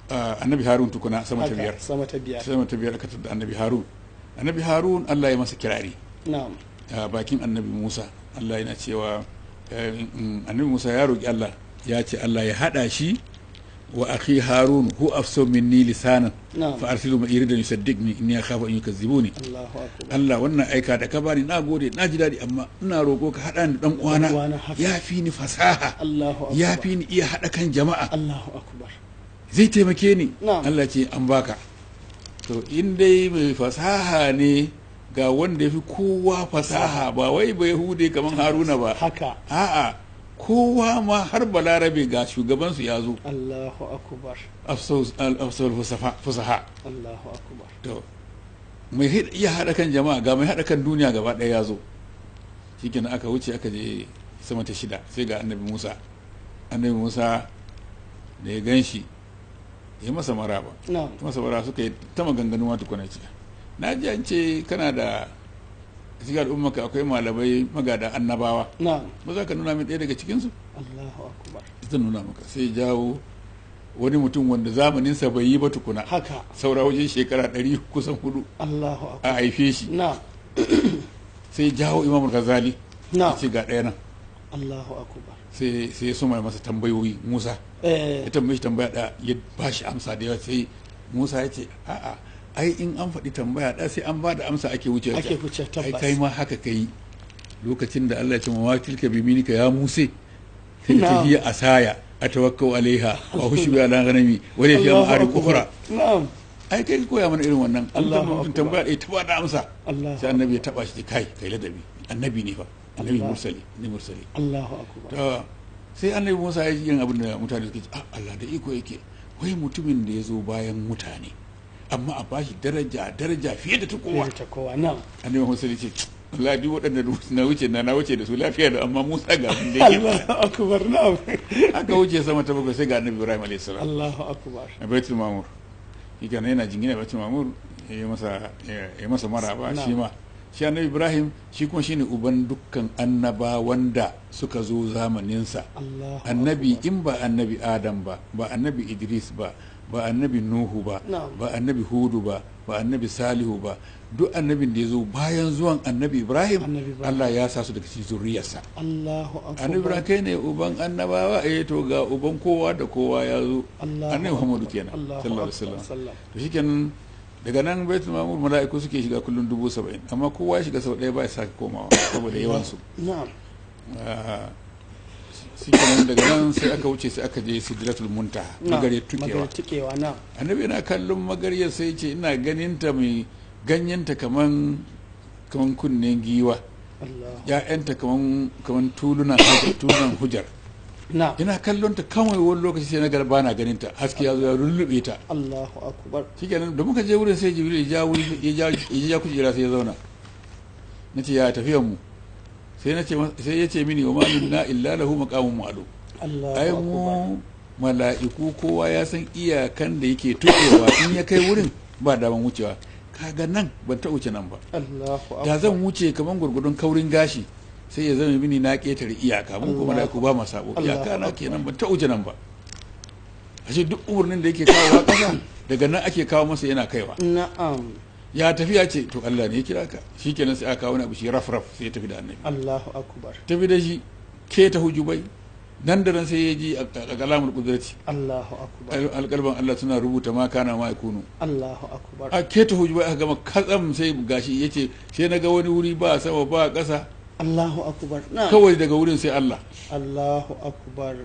Speaker 2: ah, annabi Harun tukuna sama ta biyar sama ta biyar sama ta biyar aka tada annabi Harun annabi Harun Allah ya masa kirari na'am ah, bakin annabi Musa Allah yana cewa eh, annabi Musa ya roki Allah ya ce Allah ya haɗa shi wa akhi harun hu afso minni lisanan fa arsilu ma yuridu yusaddiqni inni akhafu an yukazzibuni Allah wannan aika da ka bani na gode na ji dadi amma ina roko ka hada ni dan uwana ya fi ni fasaha ya fi ni iya hada kan jama'a zai taimake ni Allah ce an baka to in dai mai fasaha ne ga wanda ya fi kowa fasaha ba wai bai hude kamar haruna ba haka a'a kowa ma har balarabe ga shugabansu ya zo
Speaker 3: Allahu akbar
Speaker 2: afsal fusaha
Speaker 3: Allahu akubar.
Speaker 2: to mai iya haɗa kan jama'a ga mai haɗa kan duniya gaba ɗaya ya zo shikenan aka wuce aka je sama ta shida sai ga annabi Musa annabi Musa da ya gan shi ya masa maraba masa maraba suka yi ta maganganu ma tukuna ce na ji an ce kana da cikin al'ummarka akwai malamai magada annabawa ba za ka nuna min ɗaya daga cikinsu Allahu akbar nuna maka sai jawo wani mutum wanda zamaninsa bai yi ba tukuna haka saura wajen shekara ɗari kusan hudu
Speaker 3: a
Speaker 2: haife shi sai jawo imamul razali na ce ga ɗaya nan
Speaker 3: Allahu akbar
Speaker 2: sai sai ya suma masa tambayoyi Musa eh. ya tambaye shi tambaya da ya ba shi amsa da yawa sai Musa ya ce a'a ai in an faɗi tambaya ɗa sai an ba da amsa ake wuce ake wuce tabbas ai kai ma haka kai lokacin da Allah ya ce ma tilka bi minika ya muse sai ta hiya asaya atawakkau alaiha wa hushu ala ghanami wa la fiha ma'arib ukhra na'am ai kai koya mana irin wannan Allah mutum tambaya ta ba da amsa sai annabi ya taba shi kai kai ladabi annabi ne fa annabi mursali ne mursali
Speaker 3: Allahu akbar
Speaker 2: sai annabi Musa ya yi yin abin da mutane suke ah Allah da iko yake wai mutumin da ya zo bayan mutane amma a bashi daraja daraja fiye da ta kowa ta kowa na annabi wasu ya ce Allah duk waɗanda na wuce na na wuce da su lafiya da amma Musa ga abin da yake Allahu akbar na'am aka wuce sama ta bakwai sai ga annabi Ibrahim alayhi salam
Speaker 3: Allahu akbar
Speaker 2: a baitul mamur yake nan yana jingina baitul mamur ya masa ya masa maraba shi ma shi annabi Ibrahim shi kuma shine uban dukkan annaba wanda suka zo zamaninsa annabi in ba annabi Adam ba ba annabi Idris ba ba annabi nuhu ba ba annabi hudu ba ba annabi salihu ba duk annabin da ya zo bayan zuwan annabi ibrahim allah ya sa su daga cikin zuriyarsa
Speaker 3: annabi ibrahim kai ne
Speaker 2: uban annabawa eh to ga uban kowa da kowa ya zo annabi muhammadu kenan sallallahu alaihi wasallam to shikenan daga nan baitul mamur mala'iku suke shiga kullum dubu saba'in amma kowa ya shiga sau daya ba ya sake komawa saboda yawan su shi nan daga nan sai aka wuce sai aka je sidratul muntaha magare tukewa tukewa na annabi yana kallon magarya sai ce ina ganin ta mai ganyen ta kaman kaman kunnen giwa ya'yanta kaman kaman tulunan tulunan hujar ina kallon ta kawai wani lokaci sai na garba na ganin ta haske ya zo ya rullube ta Allahu akbar shikenan da muka je wurin sai Jibril ya ja ya ja kujera sai ya zauna nace ya tafiyan mu sai ya ce mini wa na illa lahu maqamun ma'adu ai mu mala'iku kowa ya san iyakan da yake tukewa in ya kai wurin ba daman wucewa kaga nan ban ta wuce nan ba da zan wuce kamar gurgudun kaurin gashi sai ya zama mini na ketare iyaka mun kuma da ba ma sabo iyaka na kenan ban ta wuce nan ba ashe duk umarnin da yake kawo kasa daga nan ake kawo masa yana kaiwa
Speaker 1: na'am
Speaker 2: ya tafi ya ce to Allah ne ya kira ka shikenan sai aka wani abu shi raf raf sai ya tafi da annabi
Speaker 1: Allahu akbar
Speaker 2: tafi da shi ke ta hujubai nan da nan sai ya ji a kalamar kudurci Allahu akbar alƙalban Allah suna rubuta ma kana ma yakunu
Speaker 3: Allahu akbar
Speaker 2: a ke ta hujubai aka gama katsam sai gashi ce sai na ga wani wuri ba sama ba ƙasa
Speaker 3: Allahu akbar
Speaker 2: kawai daga wurin sai Allah Allahu akbar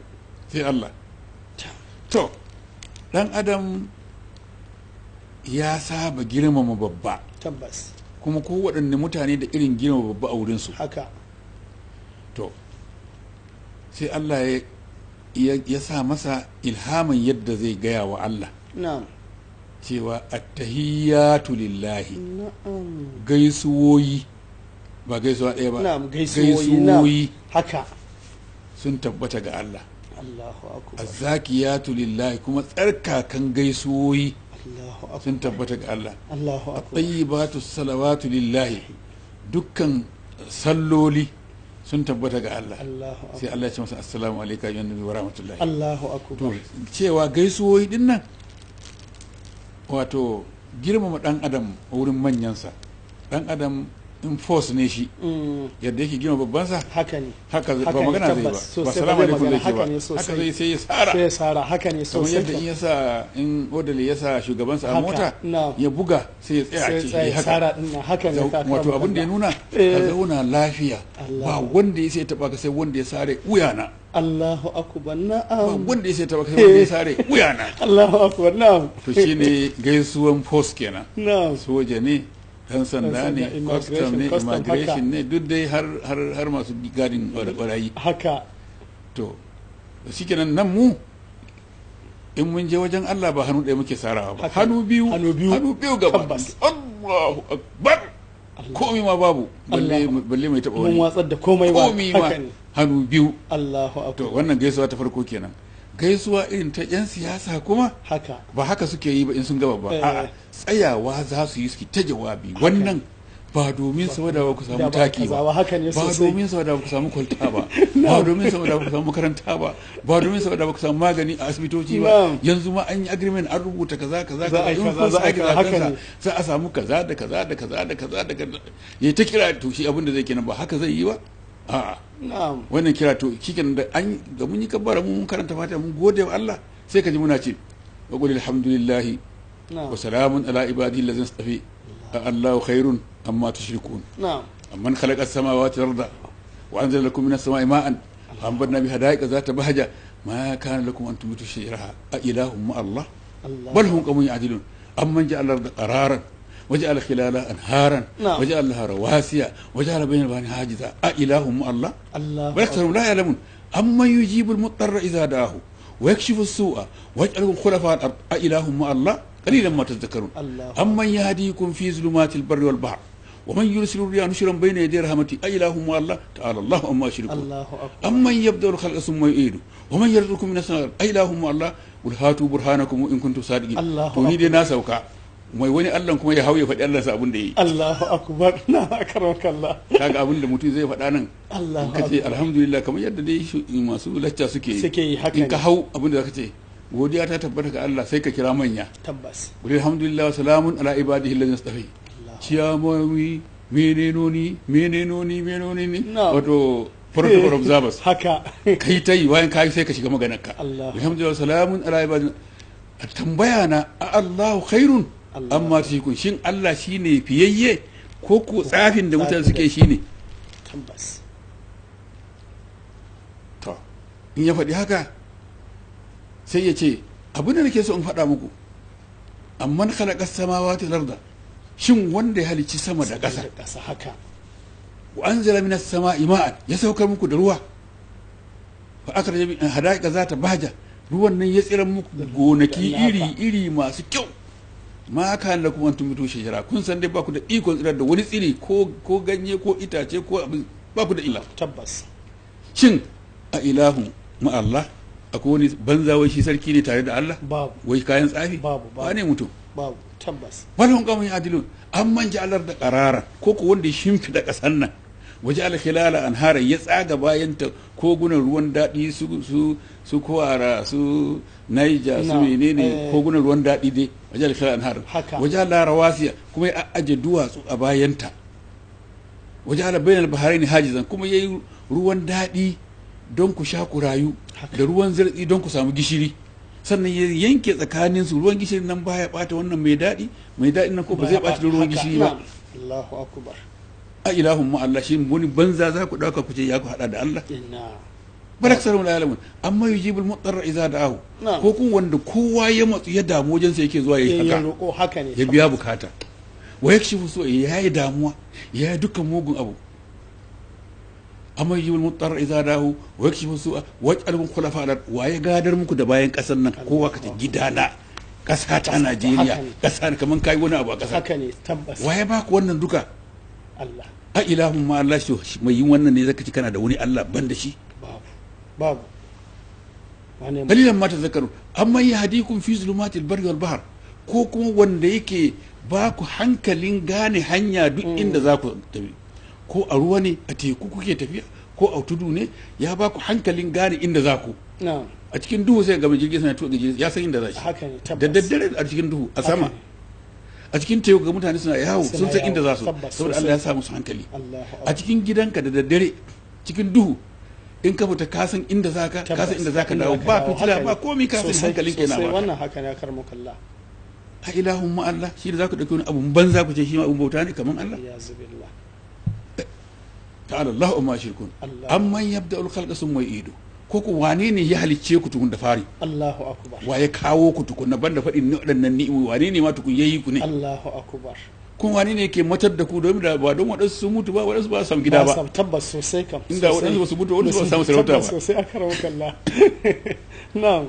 Speaker 2: sai Allah to dan adam ya saba girmama babba tabbas kuma kowaɗanne mutane da irin girmama babba a wurinsu haka to sai allah ya sa masa ilhamin yadda zai gaya wa allah cewa attahiyatu lillahi gaisuwoyi ba gaisuwa ɗaya ba gaisuwoyi haka sun tabbata ga allah azzakiyatu lillahi kuma tsarkakan gaisuwoyi sun tabbata ga Allah at-tayyibatu salawatu lillahi dukkan salloli sun tabbata ga Allah sai Allah ya ce masa assalamu alaikum ya nabi wa rahmatullahi Allahu akbar cewa gaisuwoyi din nan wato girmama dan adam wurin manyansa dan adam in force ne shi mm. yadda yake gina babban sa haka ne haka ba magana zai ba ba salamu alaikum zai ce ba haka zai sai
Speaker 1: ya sara sai ya sara haka ne sosai kamar yadda in
Speaker 2: ya sa in odali ya sa shugaban sa a mota ya buga sai ya tsaya a ce sai ya sara din nan haka ne wato abin da ya nuna ka eh. zauna lafiya ba wanda ya sai taba ka sai wanda ya sare uyana Allahu akbar na'am ba wanda ya taba ka sai wanda ya sare wuya na Allahu akbar na'am to shine gaisuwan post kenan na'am soja ne yan sanda ne custom ne immigration ne duk dai har masu gadin barayi haka to kenan nan mu in mun je wajen Allah ba hannu ɗaya muke sarawa ba hannu biyu hannu biyu gaba Allahu akbar komai ma babu balle balle mai taɓa wani mun watsar da komai ba komai ma hannu biyu Allahu akbar to wannan gaisuwa ta farko kenan gaisuwa irin ta 'yan siyasa kuma haka ba haka suke yi ba in sun gaba ba eh. a tsayawa za su yi suke ta jawabi wannan ba domin saboda ba ku samu taki ba
Speaker 1: ba domin
Speaker 2: saboda ba ku samu kwalta ba ba domin saboda ba ku samu makaranta ba ba domin saboda ba ku samu magani a asibitoci ba yanzu ma an yi agreement an rubuta kaza kaza kaza in kun sa aiki kansa sai a samu kaza da kaza da kaza da kaza da kaza ya ta kira to shi abin da zai kenan ba haka zai yi ba a'a na'am wannan kira to kikan da an da mun yi kabbara mun karanta fatiha mun gode wa Allah sai ka ji muna ce wa qul alhamdulillahi wa salamun ala ibadi allazina istafi Allahu khairun amma tushrikun na'am amman khalaqa as-samawati wal arda wa anzala lakum minas samai ma'an فأنبتنا بهدائق ذات بهجة ما كان لكم أن تنبتوا شجرها أإله مع الله بل هم قوم يعدلون أمن جعل الأرض قرارا وجعل خلالها أنهارا نعم. وجعل لها رواسيا وجعل بين البحرين حاجزا أإله مع الله الله ولأكثرهم لا يعلمون أما يجيب المضطر إذا دعاه ويكشف السوء ويجعلكم خلفاء الأرض أإله مع الله قليلا ما تذكرون الله أما يهديكم في ظلمات البر والبحر ومن يرسل الرياح نشرا بين يدي رحمتي أإله مع الله تعالى الله أما يشركون الله أكبر أمن يبدأ الخلق ثم يعيده ومن يرزقكم من السماء أإله مع الله قل هاتوا برهانكم إن كنتم صادقين الله أكبر توني دي ناسا mai wani allan kuma ya hau ya faɗi allah sa abin da yi
Speaker 1: allahu akbar na akarwaka
Speaker 2: allah kaga abin da mutum zai faɗa nan
Speaker 1: allah ka ce
Speaker 2: alhamdulillah kamar yadda dai masu lacca suke suke yi haka in ka hau abin da zaka ce godiya ta tabbata ga allah sai ka kira manya tabbas alhamdulillah salamun ala ibadihi allazina istafi ciyamomi menenoni menenoni menenoni ne wato protocol of zabas haka kai tai wayan kai sai ka shiga maganar ka alhamdulillah salamun ala ibadin tambaya na a allahu khairun amma fi kun shin Allah shine fiyayye ko ku tsafin da mutane suke shine tabbas to in ya faɗi haka sai ya ce abin da nake so in faɗa muku kala khalaqa samawati larda shin wanda ya halicci sama da ƙasa ƙasa haka wa anzala minas sama ya saukar muku da ruwa fa akhraja min za zata bahja ruwan nan ya tsira muku gonaki iri iri masu kyau ma ka hannu kuma tun mutu shajara kun san dai ba ku da ikon tsirar da wani tsiri ko ganye ko itace ko abin ba ku da ila tabbas shin a ilahu ma Allah akwai wani banza wai shi sarki ne tare da Allah babu wai kayan tsafi babu ba ne mutum babu tabbas balhun kawai adilun an manja alar da qarara ko ko wanda ya da kasan nan waje alkhilala anhara ya tsaga bayanta kogunan ruwan daɗi su su su kwara su naija su menene eh. kogunan ruwan daɗi dai waje alkhilala anhara waje rawasiya kuma ya aje duwatsu a bayanta waje ala bainal baharain hajizan kuma yayi ruwan daɗi don ku sha ku rayu da ruwan zartsi don ku samu gishiri sannan ya yanke tsakanin su ruwan gishiri nan baya bata wannan mai daɗi mai daɗi nan ko ba zai bata ruwan gishiri ba
Speaker 3: Allahu akbar
Speaker 2: a ilahun ma Allah shi wani banza za ku ɗauka ku ce ya ku haɗa da Allah bal aksaru la yi amma yujibul iza da ahu. ko kun wanda kowa ya matsu ya damu wajen sa yake zuwa yi eh,
Speaker 1: haka ya biya
Speaker 2: bukata wa yakshifu so eh, yi damuwa ya yi dukkan mugun abu amma yi yujibul iza da ahu wa yakshifu so wa yaj'alun khulafa al wa ya gadar muku da bayan kasar nan kowa ka ta gidana kasa ta Najeriya kasa kaman kai wani abu a kasa haka ne tabbas wa ya baku wannan duka Allah a ilahun ma Allah shi mai yin wannan ne zaka ci kana da wani Allah ban da shi babu babu dalilan mata zakaru amma ya hadikun fi zulumatil barri wal bahr ko kuma wanda yake ba ku hankalin gane hanya duk mm. inda za ku tafi ko a ruwa ne a teku kuke tafiya ko a tudu ne ya ba ku hankalin gane inda za ku a cikin duhu sai ga jirgin sana tuwa ya san inda za shi da daddare a cikin duhu a sama a cikin teku ga mutane suna yawo sun san inda za su saboda Allah ya sa musu hankali a cikin gidanka da daddare cikin duhu in ka fita kasan inda za ka kasan inda ka dawo ba fitila ba komai kasan hankalin ke na ba wannan
Speaker 1: haka ne kar mukalla
Speaker 2: a ilahun ma Allah shi da ku dauki wani abun banza ku ce shi ma abun bauta ne kaman Allah ta'ala Allah amma shirkun amman yabda'ul khalqa summa yu'idu ko ku wane ne ya halicce ku tukun da fari Allahu akbar wa ya kawo ku tukun na banda faɗin waɗannan ni'imi wane ne ma tukun yayi ku ne Allahu akbar kun wane ne ke matar da ku domin da ba don waɗansu sun mutu ba waɗansu ba su samu gida ba
Speaker 1: tabbas sosai kam inda waɗansu ba su mutu waɗansu ba su samu sarauta ba sosai aka rawa kalla
Speaker 2: na'am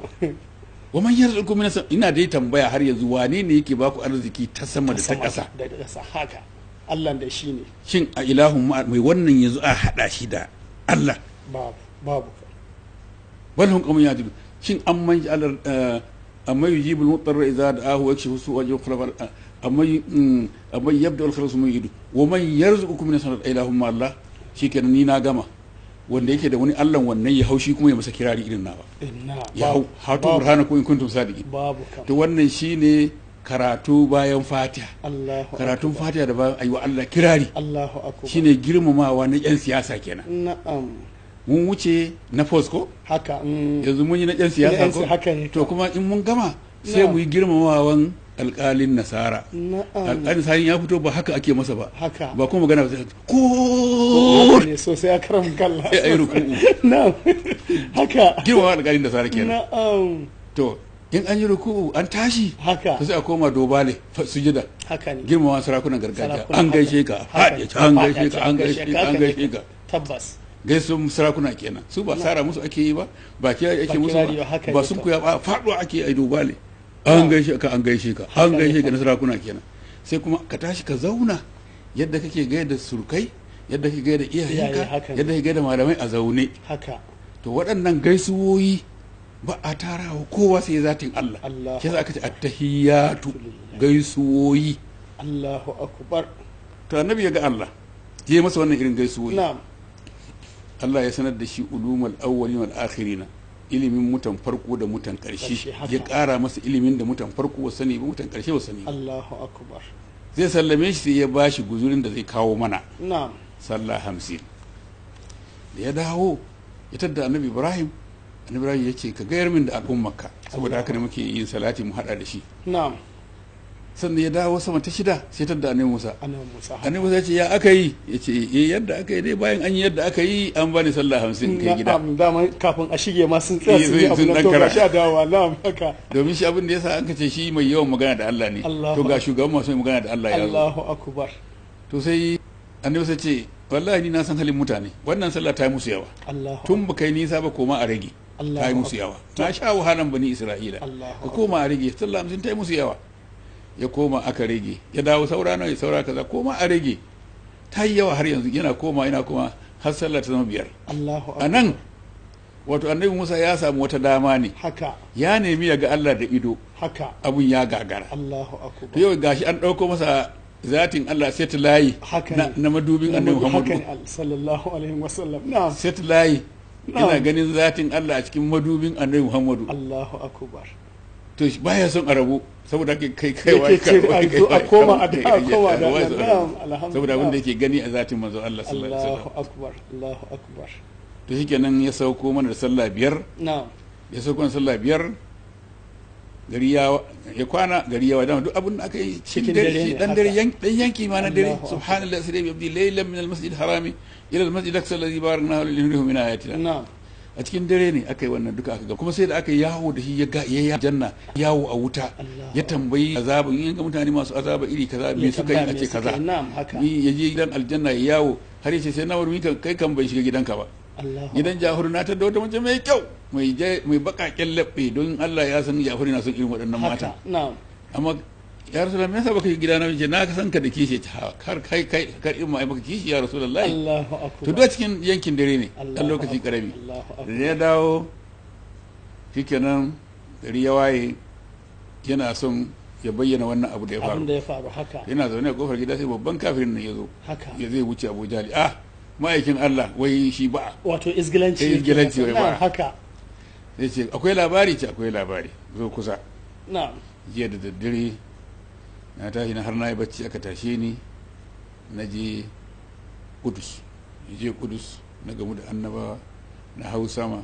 Speaker 2: wa man yarzuqu min ina dai tambaya har yanzu wane ne yake baku arziki ta sama da ta ƙasa da ƙasa haka Allah da shi ne shin a ilahun mai wannan yanzu a hada shi da Allah babu babu bal hum qawmun yajib shin an man ja'al amma yujibu al-mutarra idza da'ahu wa yakshifu su'a yukhrafa amma amma yabda al-khalas mun yidu wa man yarzuqukum min sanar ilahum ma Allah shikenan ni na gama wanda yake da wani Allah wannan ya haushi kuma ya masa kirari irin nawa ya hau hatu burhanakum in kuntum sadiqin to wannan shine karatu bayan fatiha karatun fatiha da bayan ayyuwa Allah kirari Allahu shine girmamawa na yan siyasa kenan na'am mun wuce na post ko haka mm. yanzu mun yi na yan siyasa ko to kuma in mun gama sai mu yi girmamawan alƙalin nasara alƙalin nasara ya fito ba haka ake masa ba ba kuma magana ba
Speaker 1: ko ne
Speaker 2: sai a karan kalla ayi ruku'u na'am haka girmamawan alƙalin nasara kenan na'am to in an yi ruku'u an tashi haka sai a koma dobale sujida haka ne girmamawan sarakunan gargajiya an gaishe ka haɗe an gaishe ka an gaishe ka an gaishe ka tabbas gaisun sarakuna kenan su ba sara musu ake yi ba ba kira ake musu ba ba sun kuya ba faɗo ake yi duba ne an gaishe ka an gaishe ka an gaishe ka na sarakuna kenan sai kuma ka tashi ka zauna yadda kake gaida surkai yadda kake gaida iyayenka yadda kake gaida malamai a zaune haka to waɗannan gaisuwoyi ba a tarawa kowa sai zatin Allah ke za aka ce attahiyatu gaisuwoyi Allahu akbar to annabi ya ga Allah je masa wannan irin gaisuwoyi na'am Allah ya sanar da shi ulumul awwalin wal akhirina ilimin mutan farko da mutan karshe ya ƙara masa ilimin da mutan farko wa sani mutan karshe wa sani
Speaker 3: Allahu akbar
Speaker 2: zai sallame shi sai ya bashi guzurin da zai kawo mana na'am sallah hamsin da ya dawo ya tadda annabi Ibrahim annabi Ibrahim ya ce ka gayar min da al'ummarka saboda haka ne muke yin salati mu hada da shi na'am sannan ya dawo sama ta shida sai ta da annabi Musa annabi Musa ya ce ya aka yi ya ce ya eh, yadda aka yi dai bayan an yi yadda aka yi an bani sallah hamsin kai gida dama kafin a shige ma sun tsaya su abu na to ba sha
Speaker 1: dawa na haka
Speaker 2: domin shi abin da ya sa an kace shi mai yawan magana da Allah ne to ga shugaban masu magana da Allah ya Allahu akbar to sai annabi Musa ce wallahi ni na san halin mutane wannan sallah ta yi musu yawa tun ba kai nisa ba koma a rage ta yi musu yawa na sha wahalan bani Isra'ila ka koma a rage sallah hamsin ta yi musu yawa ya koma aka rage ya dawo saura nawa ya saura kaza koma a rage ta yi yawa har yanzu yana koma yana koma har sallah ta zama biyar a nan wato annabi musa ya samu wata dama ne ya nemi ya ga allah da ido abun ya gagara to yau gashi an ɗauko masa zatin allah set layi na madubin annabi muhammadu sallallahu alaihi wasallam na set layi ina ganin zatin allah a cikin madubin annabi muhammadu allahu akbar to baya son a rabu saboda kai kaiwa a koma a da koma da alhamdulillah saboda wanda yake gani a zatin manzo Allah sallallahu alaihi wasallam
Speaker 3: Allahu akbar Allahu akbar
Speaker 2: to shikenan ya sauko mana sallah biyar na'am ya sauko mana sallah biyar gari ya ya kwana gari ya wadama duk abin da aka yi cikin dare dan dare dan yanki ma na dare subhanallahi sai bi abdi laylan min al-masjid harami ila al-masjid al-aqsa alladhi baraknahu lil-nuhum min ayatina na'am a cikin dare ne aka yi wannan duka aka ga kuma sai da aka yi yawo da shi ya ga ya janna yawo a wuta ya tambayi azabin in ga mutane masu azaba iri kaza me suka yi a ce kaza ni ya je gidan aljanna ya yawo har ya ce sai na wurin kai kan bai shiga gidanka ba gidan jahuri na ta da wata mace mai kyau mai bakaken labbe don Allah ya san jahuri na son irin waɗannan mata amma ya rasulullah me sa baka gida gidana ce na ka san ka da kishi ta har kai kai kar in ma maka kishi ya rasu lalai to duk cikin yankin dare ne a lokaci karami da ya dawo kenan dari ya waye yana son ya bayyana wannan abu da ya faru yana zaune a kofar gida sai babban kafirin nan ya zo ya zai wuce Abu Jali ah ma'aikin Allah wai shi ba wato izgilanci eh, wai ba haka zai ce akwai labari ce akwai labari zo kusa na jiya da daddare na tashi na har na yi bacci aka tashe ni na je kudus na je kudus na gamu da Annaba na hau sama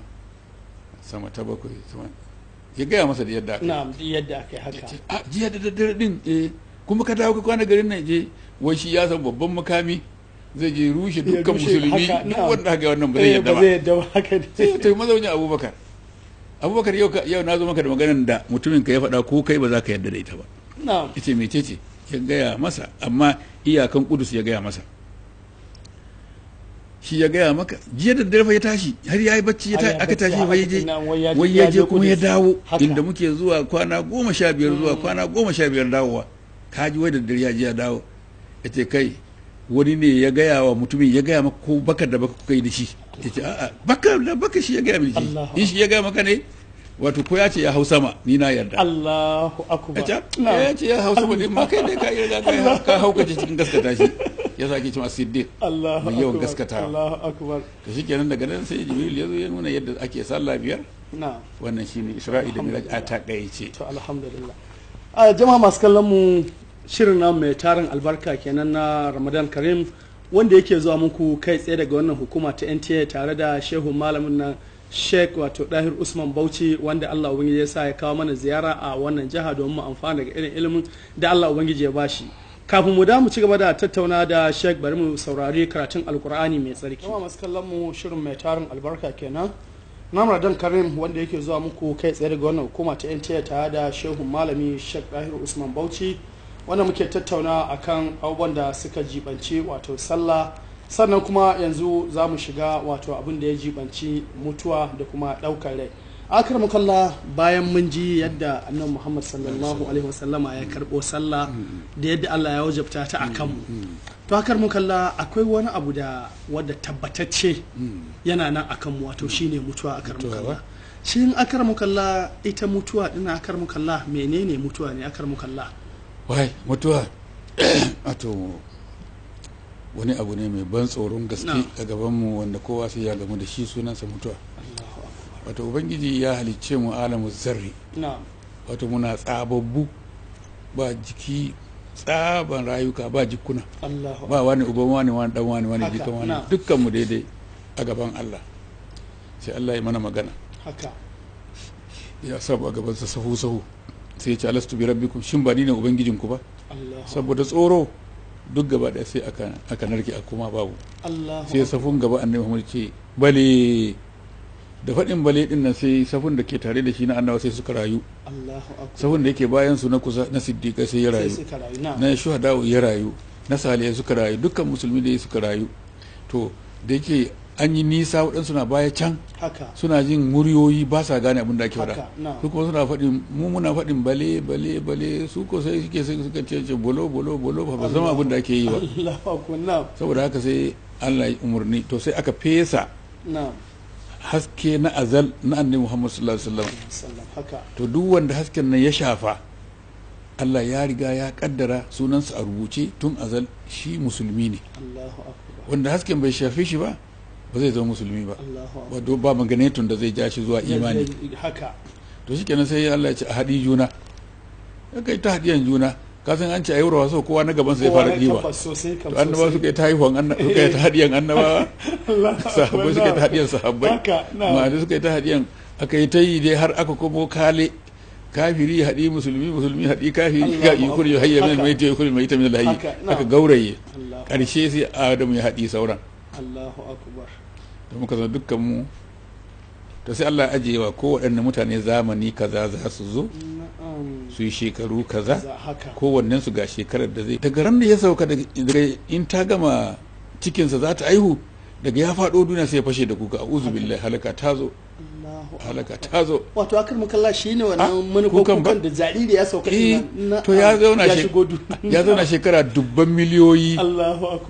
Speaker 2: sama ta bakwai sama ya gaya masa da yadda aka na'am
Speaker 1: yadda aka haka
Speaker 2: a ah, jiya da daddare din eh kuma ka dawo ka kwana garin nan je wai shi ya san babban makami zai je rushe dukkan musulmi duk wanda haka wannan ba zai eh, yadda ba zai yadda ba haka sai ya tafi mazaunin abubakar abubakar yau na zo maka da maganar da mutumin ka ya faɗa ko kai ba za ka yadda da ita ba ita mecece ya gaya masa amma iyakan kudus ya gaya masa shi ya gaya maka jiya da dare ya tashi har ya yi bacci ya aka tashi wai je ya je kuma ya dawo inda muke zuwa kwana goma sha biyar zuwa mm. kwana goma sha biyar dawowa ka ji wai da dare ya ji ya dawo ya ce kai wani ne ya gaya wa mutumin ya gaya maka ko baka da baka kai da shi ya ce a'a baka da baka shi ya gaya min in shi ya gaya maka ne wato ko ya ce ya hau sama ni na yarda Allahu akbar ya ce ya hau sama ne ma kai dai ka yarda ka ka hau ka cikin gaskata shi ya sake cewa siddiq Allahu akbar yawan gaskata Allahu akbar to shikenan daga nan sai jibril ya zo ya nuna yadda ake sallah biyar na wannan shine isra'i da miraj a takaice to alhamdulillah
Speaker 1: a jama'a masu kallon mu shirin na mai tarin albarka kenan na Ramadan Karim wanda yake zuwa muku kai tsaye daga wannan hukuma ta NTA tare da shehu malamin nan sheik wato dahir usman bauchi wanda allah ubangiji ya sa ya kawo mana ziyara a wannan jiha domin mu amfana daga irin ilimin da allah ubangiji ya bashi kafin mu da mu ci gaba da tattauna da sheik bari mu saurari karatun alkur'ani mai tsarki kuma masu kallon mu shirin mai tarin albarka kenan namar dan karim wanda yake zuwa muku kai tsaye daga wannan hukuma ta nta tare da shehu malami sheik dahir usman bauchi wanda muke tattauna akan abubuwan da suka jibanci wato sallah sannan kuma yanzu za mu shiga wato abin da ya jibanci mutuwa da kuma ɗaukar rai akar kalla bayan mun ji yadda annan muhammad sallallahu alaihi wasallama ya karɓo sallah da yadda allah ya wajabta ta a kanmu to akar kalla akwai wani abu da wadda tabbatacce yana nan a kanmu wato shine mutuwa a kalla shi a akar kalla ita mutuwa ɗin akar mukalla menene mutuwa ne akar kalla.
Speaker 2: wai mutuwa wato wani abu ne mai ban tsoron gaske a gabanmu wanda kowa sai ya gamu da shi sunansa mutuwa wato ubangiji ya halicce mu alamu zarri wato muna tsababbu ba jiki tsaban rayuka ba jikuna ba wani uban wani wani dan wani wani wani dukkan mu daidai a gaban Allah sai Allah ya mana magana haka ya sabu a gaban sa sahu sahu sai ya ce alastu bi rabbikum shin ba ni ne ubangijinku ba saboda tsoro duk gaba ɗaya sai aka narke a kuma babu sai safun gaba annabi muhammad ce bale da faɗin bale ɗin nan sai safun da ke tare da shi na annawa sai suka rayu safun da yake bayan su na kusa na siddiƙa sai ya rayu na shuhada ya rayu na salihai suka rayu dukkan musulmi da suka rayu to da yake an yi nisa waɗansu na baya can suna jin muryoyi ba sa gane abin da ake faɗa su kuma suna faɗin mu muna faɗin bale bale bale su ko sai suke suka ce bolo bolo bolo ba zama abin da ake yi ba saboda haka sai Allah ya umarni to sai aka fesa haske na azal na annabi Muhammad sallallahu alaihi wasallam to duk wanda hasken nan ya shafa Allah ya riga ya kaddara sunansa a rubuce tun azal shi musulmi ne wanda hasken bai shafe shi ba ba zai zama musulmi ba wadda ba tun da zai ja shi zuwa imani to shi kenan sai Allah ya ci a haɗi juna in kai ta haɗiyan juna ka san an ci a yi rawa kowa na gaban sai fara diwa
Speaker 1: to annaba suka yi ta
Speaker 2: haihuwan annabawa suka yi ta eh. haɗiyan annaba
Speaker 1: sahabbai suka yi ta
Speaker 2: haɗiyan sahabbai ma'ana suka yi ta haɗiyan aka yi ta yi dai har aka komo kale kafiri haɗi musulmi musulmi haɗi kafiri ga yukur ya hayya min maita yukur mai ta min alhayy aka gauraye ƙarshe sai adamu ya haɗi sauran
Speaker 3: Allahu akbar
Speaker 2: da muka zama dukkan mu to sai Allah ajiye wa kowaɗanne mutane zamani kaza za su zo su yi shekaru kaza kowannen su ga shekarar da zai daga ran da ya sauka daga in ta gama cikinsa za ta aihu daga ya faɗo duniya sai ya fashe da kuka a uzu billahi halaka ta zo halaka ta zo wato akar mukalla shine ah, wannan manufa kukan da jariri ya sauka eh,
Speaker 3: to ya zauna
Speaker 2: ya zauna shekara dubban miliyoyi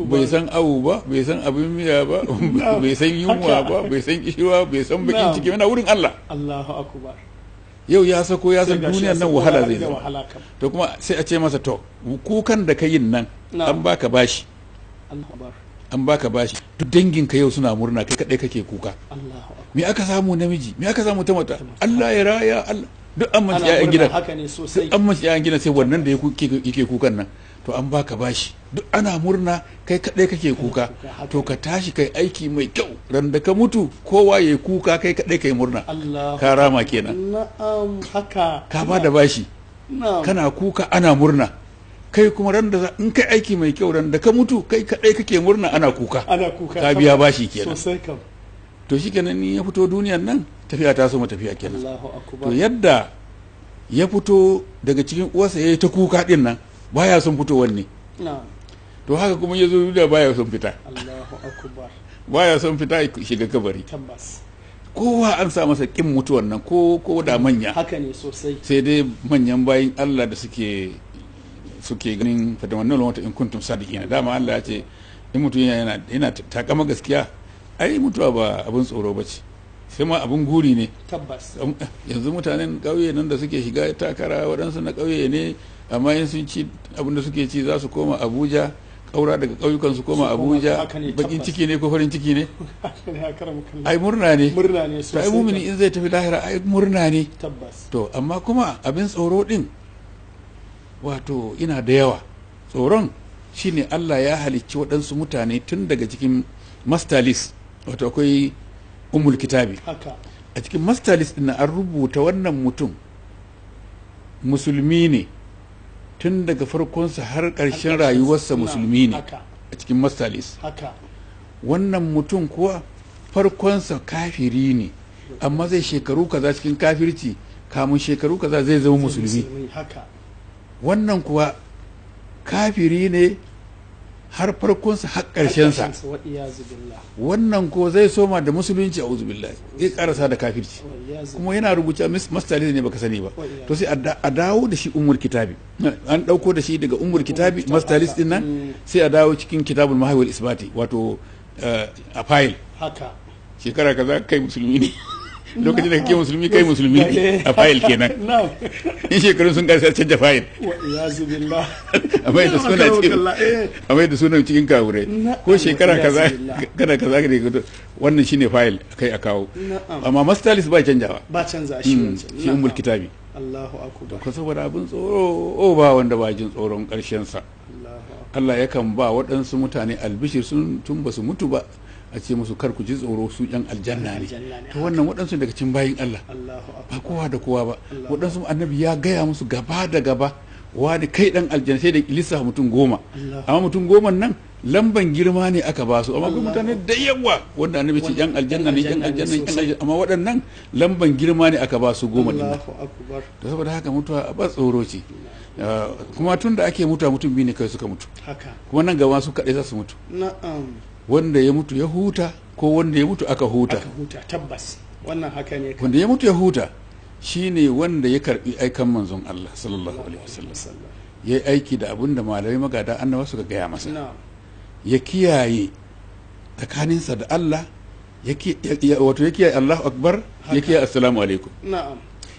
Speaker 2: bai san awu ba bai san abin miya ba bai san yunwa ba bai san kishiwa bai san bakin ciki yana wurin Allah
Speaker 1: Allahu akbar
Speaker 2: yau ya sako ya san duniyar nan wahala zai zama to kuma sai a ce masa to kukan da ka yin nan an baka bashi Allahu akbar an baka bashi duk dangin ka yau suna murna kai kadai kake kuka me aka samu namiji me aka samu ta mata Allah ya raya Allah duk an mace ya gina duk an mace yayan gidan sai wannan da yake kukan nan to an baka bashi duk ana murna kai kadai kake kuka to ka tashi kai aiki mai kyau ran da ka mutu kowa yayi kuka kai kadai kai murna ka rama kenan
Speaker 1: na'am haka
Speaker 2: ka bada bashi kana kuka ana murna kai kuma ran da in kai aiki mai kyau ran da ka mutu kai kadai kake murna ana kuka ana kuka ka biya bashi kenan sosai kam to shikenan ni ya fito duniyar nan tafiya ta soma tafiya kenan Allahu akbar to yadda ya fito daga cikin uwarsa yayi ta kuka din nan baya son fito wanne na'am to haka kuma yazo da baya son fita
Speaker 1: Allahu akbar
Speaker 2: baya son fita shiga kabari tabbas kowa an sa masa kin mutuwan nan ko ko da manya haka
Speaker 1: ne sosai
Speaker 2: sai dai manyan bayin Allah da suke suke ganin fata wannan wata in kuntum sadiqina dama Allah ya ce in mutum yana yana takama gaskiya ai mutuwa ba abin tsoro ba ce sai ma abin guri ne tabbas yanzu mutanen ƙauye nan da suke shiga takara waɗansu na ƙauye ne amma in sun ci abin da suke ci za su koma abuja ƙaura daga ƙauyukan su koma abuja bakin ciki ne ko farin ciki ne
Speaker 3: ai murna ne murna
Speaker 2: ne sosai ai mumini in zai tafi lahira ai murna ne tabbas to amma kuma abin tsoro din wato ina da yawa tsoron shine Allah ya halicci waɗansu mutane tun daga cikin mastalis wato akwai umul kitabi a cikin mastalis ɗin an rubuta wannan mutum musulmi ne tun daga farkonsa har ƙarshen rayuwarsa musulmi ne a cikin mastalis wannan mutum kuwa farkonsa kafiri ne amma zai shekaru kaza cikin kafirci kamun shekaru kaza zai zama musulmi wannan kuwa kafiri ne har farkonsa har ƙarshensa wannan ko zai soma da musulunci a uzubillahi zai karasa da kafirci kuma yana rubuta mastalin ne baka sani ba to sai a dawo da shi kitabi an dauko da shi daga umar kitabi mastalis din nan sai a dawo cikin kitabul mahawil isbati wato eh, a fayil shekara kaza kai musulmi ne lokacin da kake musulmi kai musulmi a fayil kenan in shekarun sun kasa canja fayil amai da suna cikin amai eh. da suna cikin kawure ko shekara kaza kada kaza ne wannan shine fayil kai a kawo amma mastalis ba canjawa ba
Speaker 1: canza shi hmm, wancan shi umul
Speaker 2: kitabi Allahu akbar ko saboda abin tsoro o ba wanda ba jin tsoron karshen sa Allah yakan ba waɗansu mutane albishir sun tun ba su mutu ba a ce musu kar ku ji tsoro su yan aljanna ne to wannan waɗansu daga cikin bayin Allah ba kowa da kowa ba waɗansu annabi ya gaya musu gaba da gaba wani kai dan aljanna sai da lissa mutum goma amma mutum goma nan lamban girma ne aka ba su amma kuma mutane da yawa wanda annabi ce yan aljanna ne yan aljanna ne amma waɗannan lamban girma ne aka ba su goma din to saboda haka mutuwa ba tsoro ce ah, kuma tun da ake mutuwa mutum biyu ne kai suka mutu kuma nan gaba su kaɗai za su mutu
Speaker 1: na'am
Speaker 2: wanda ya mutu ya huta ko wanda ya mutu aka huta aka
Speaker 1: huta tabbas wannan haka ne
Speaker 2: wanda ya mutu ya huta shine wanda ya karbi aikan manzon Allah sallallahu alaihi wasallam ya yi aiki da abin da malamai magada annaba suka gaya masa ya kiyaye tsakaninsa da Allah wato ya kiyaye Allahu akbar ya kiyaye assalamu alaikum na'am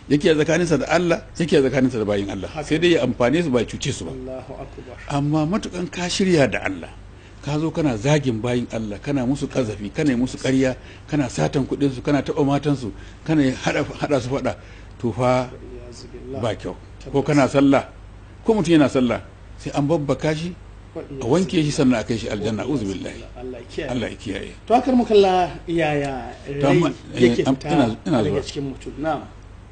Speaker 2: ya kiyaye tsakaninsa da Allah ya kiyaye tsakaninsa da bayin Allah sai dai ya amfane su ba cuce su ba amma matukan ka shirya da Allah ka zo kana zagin bayin Allah kana musu kazafi kana musu ƙarya kana satan kuɗin su kana taɓa matan su kana haɗa su faɗa to fa ba kyau ko kana sallah ko mutum yana sallah sai an babbaka shi a wanke shi sannan a kai shi aljanna uzu billahi Allah ya kiyaye
Speaker 1: to akar mukalla yaya rai eh, yake fita daga cikin mutum
Speaker 2: na'am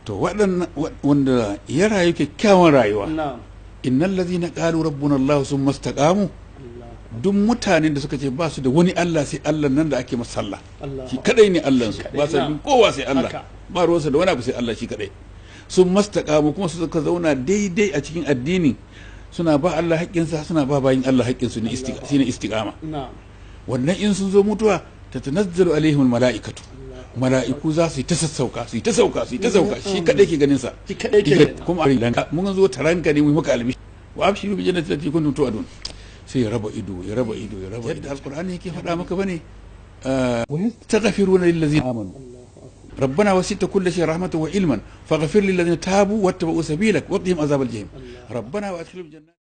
Speaker 2: to waɗannan wanda ya rayu kyakkyawan rayuwa innal ladhina qalu rabbuna Allah summa istaqamu duk mutanen da suka ce ba su da wani Allah sai Allah nan da ake masa sallah shi kadai ne Allah su ba sa bin kowa sai Allah ba ruwansa da wani abu sai Allah shi kadai sun mastaqamu kuma su suka zauna daidai a cikin addini suna ba Allah haƙƙinsa suna ba bayin Allah haƙƙinsu ne shine istiqama wannan in sun zo mutuwa ta tatanazzalu alaihim mala'ikatu mala'iku za su yi ta sassauka su yi ta sauka su yi ta sauka shi mm-hmm. kadai ke ganin sa shi kadai ke kuma mun zo taranka ne mu maka almishi wa abshiru bi jannati lati kuntum tu'adun في ربا ايدو ربا ايدو ربا ايدو القران هيك فدامك بني آه، ويستغفرون للذين امنوا ربنا وسعت كل شيء رحمه وعلما فاغفر للذين تابوا واتبعوا سبيلك وقهم عذاب الجحيم ربنا وادخلهم الجنه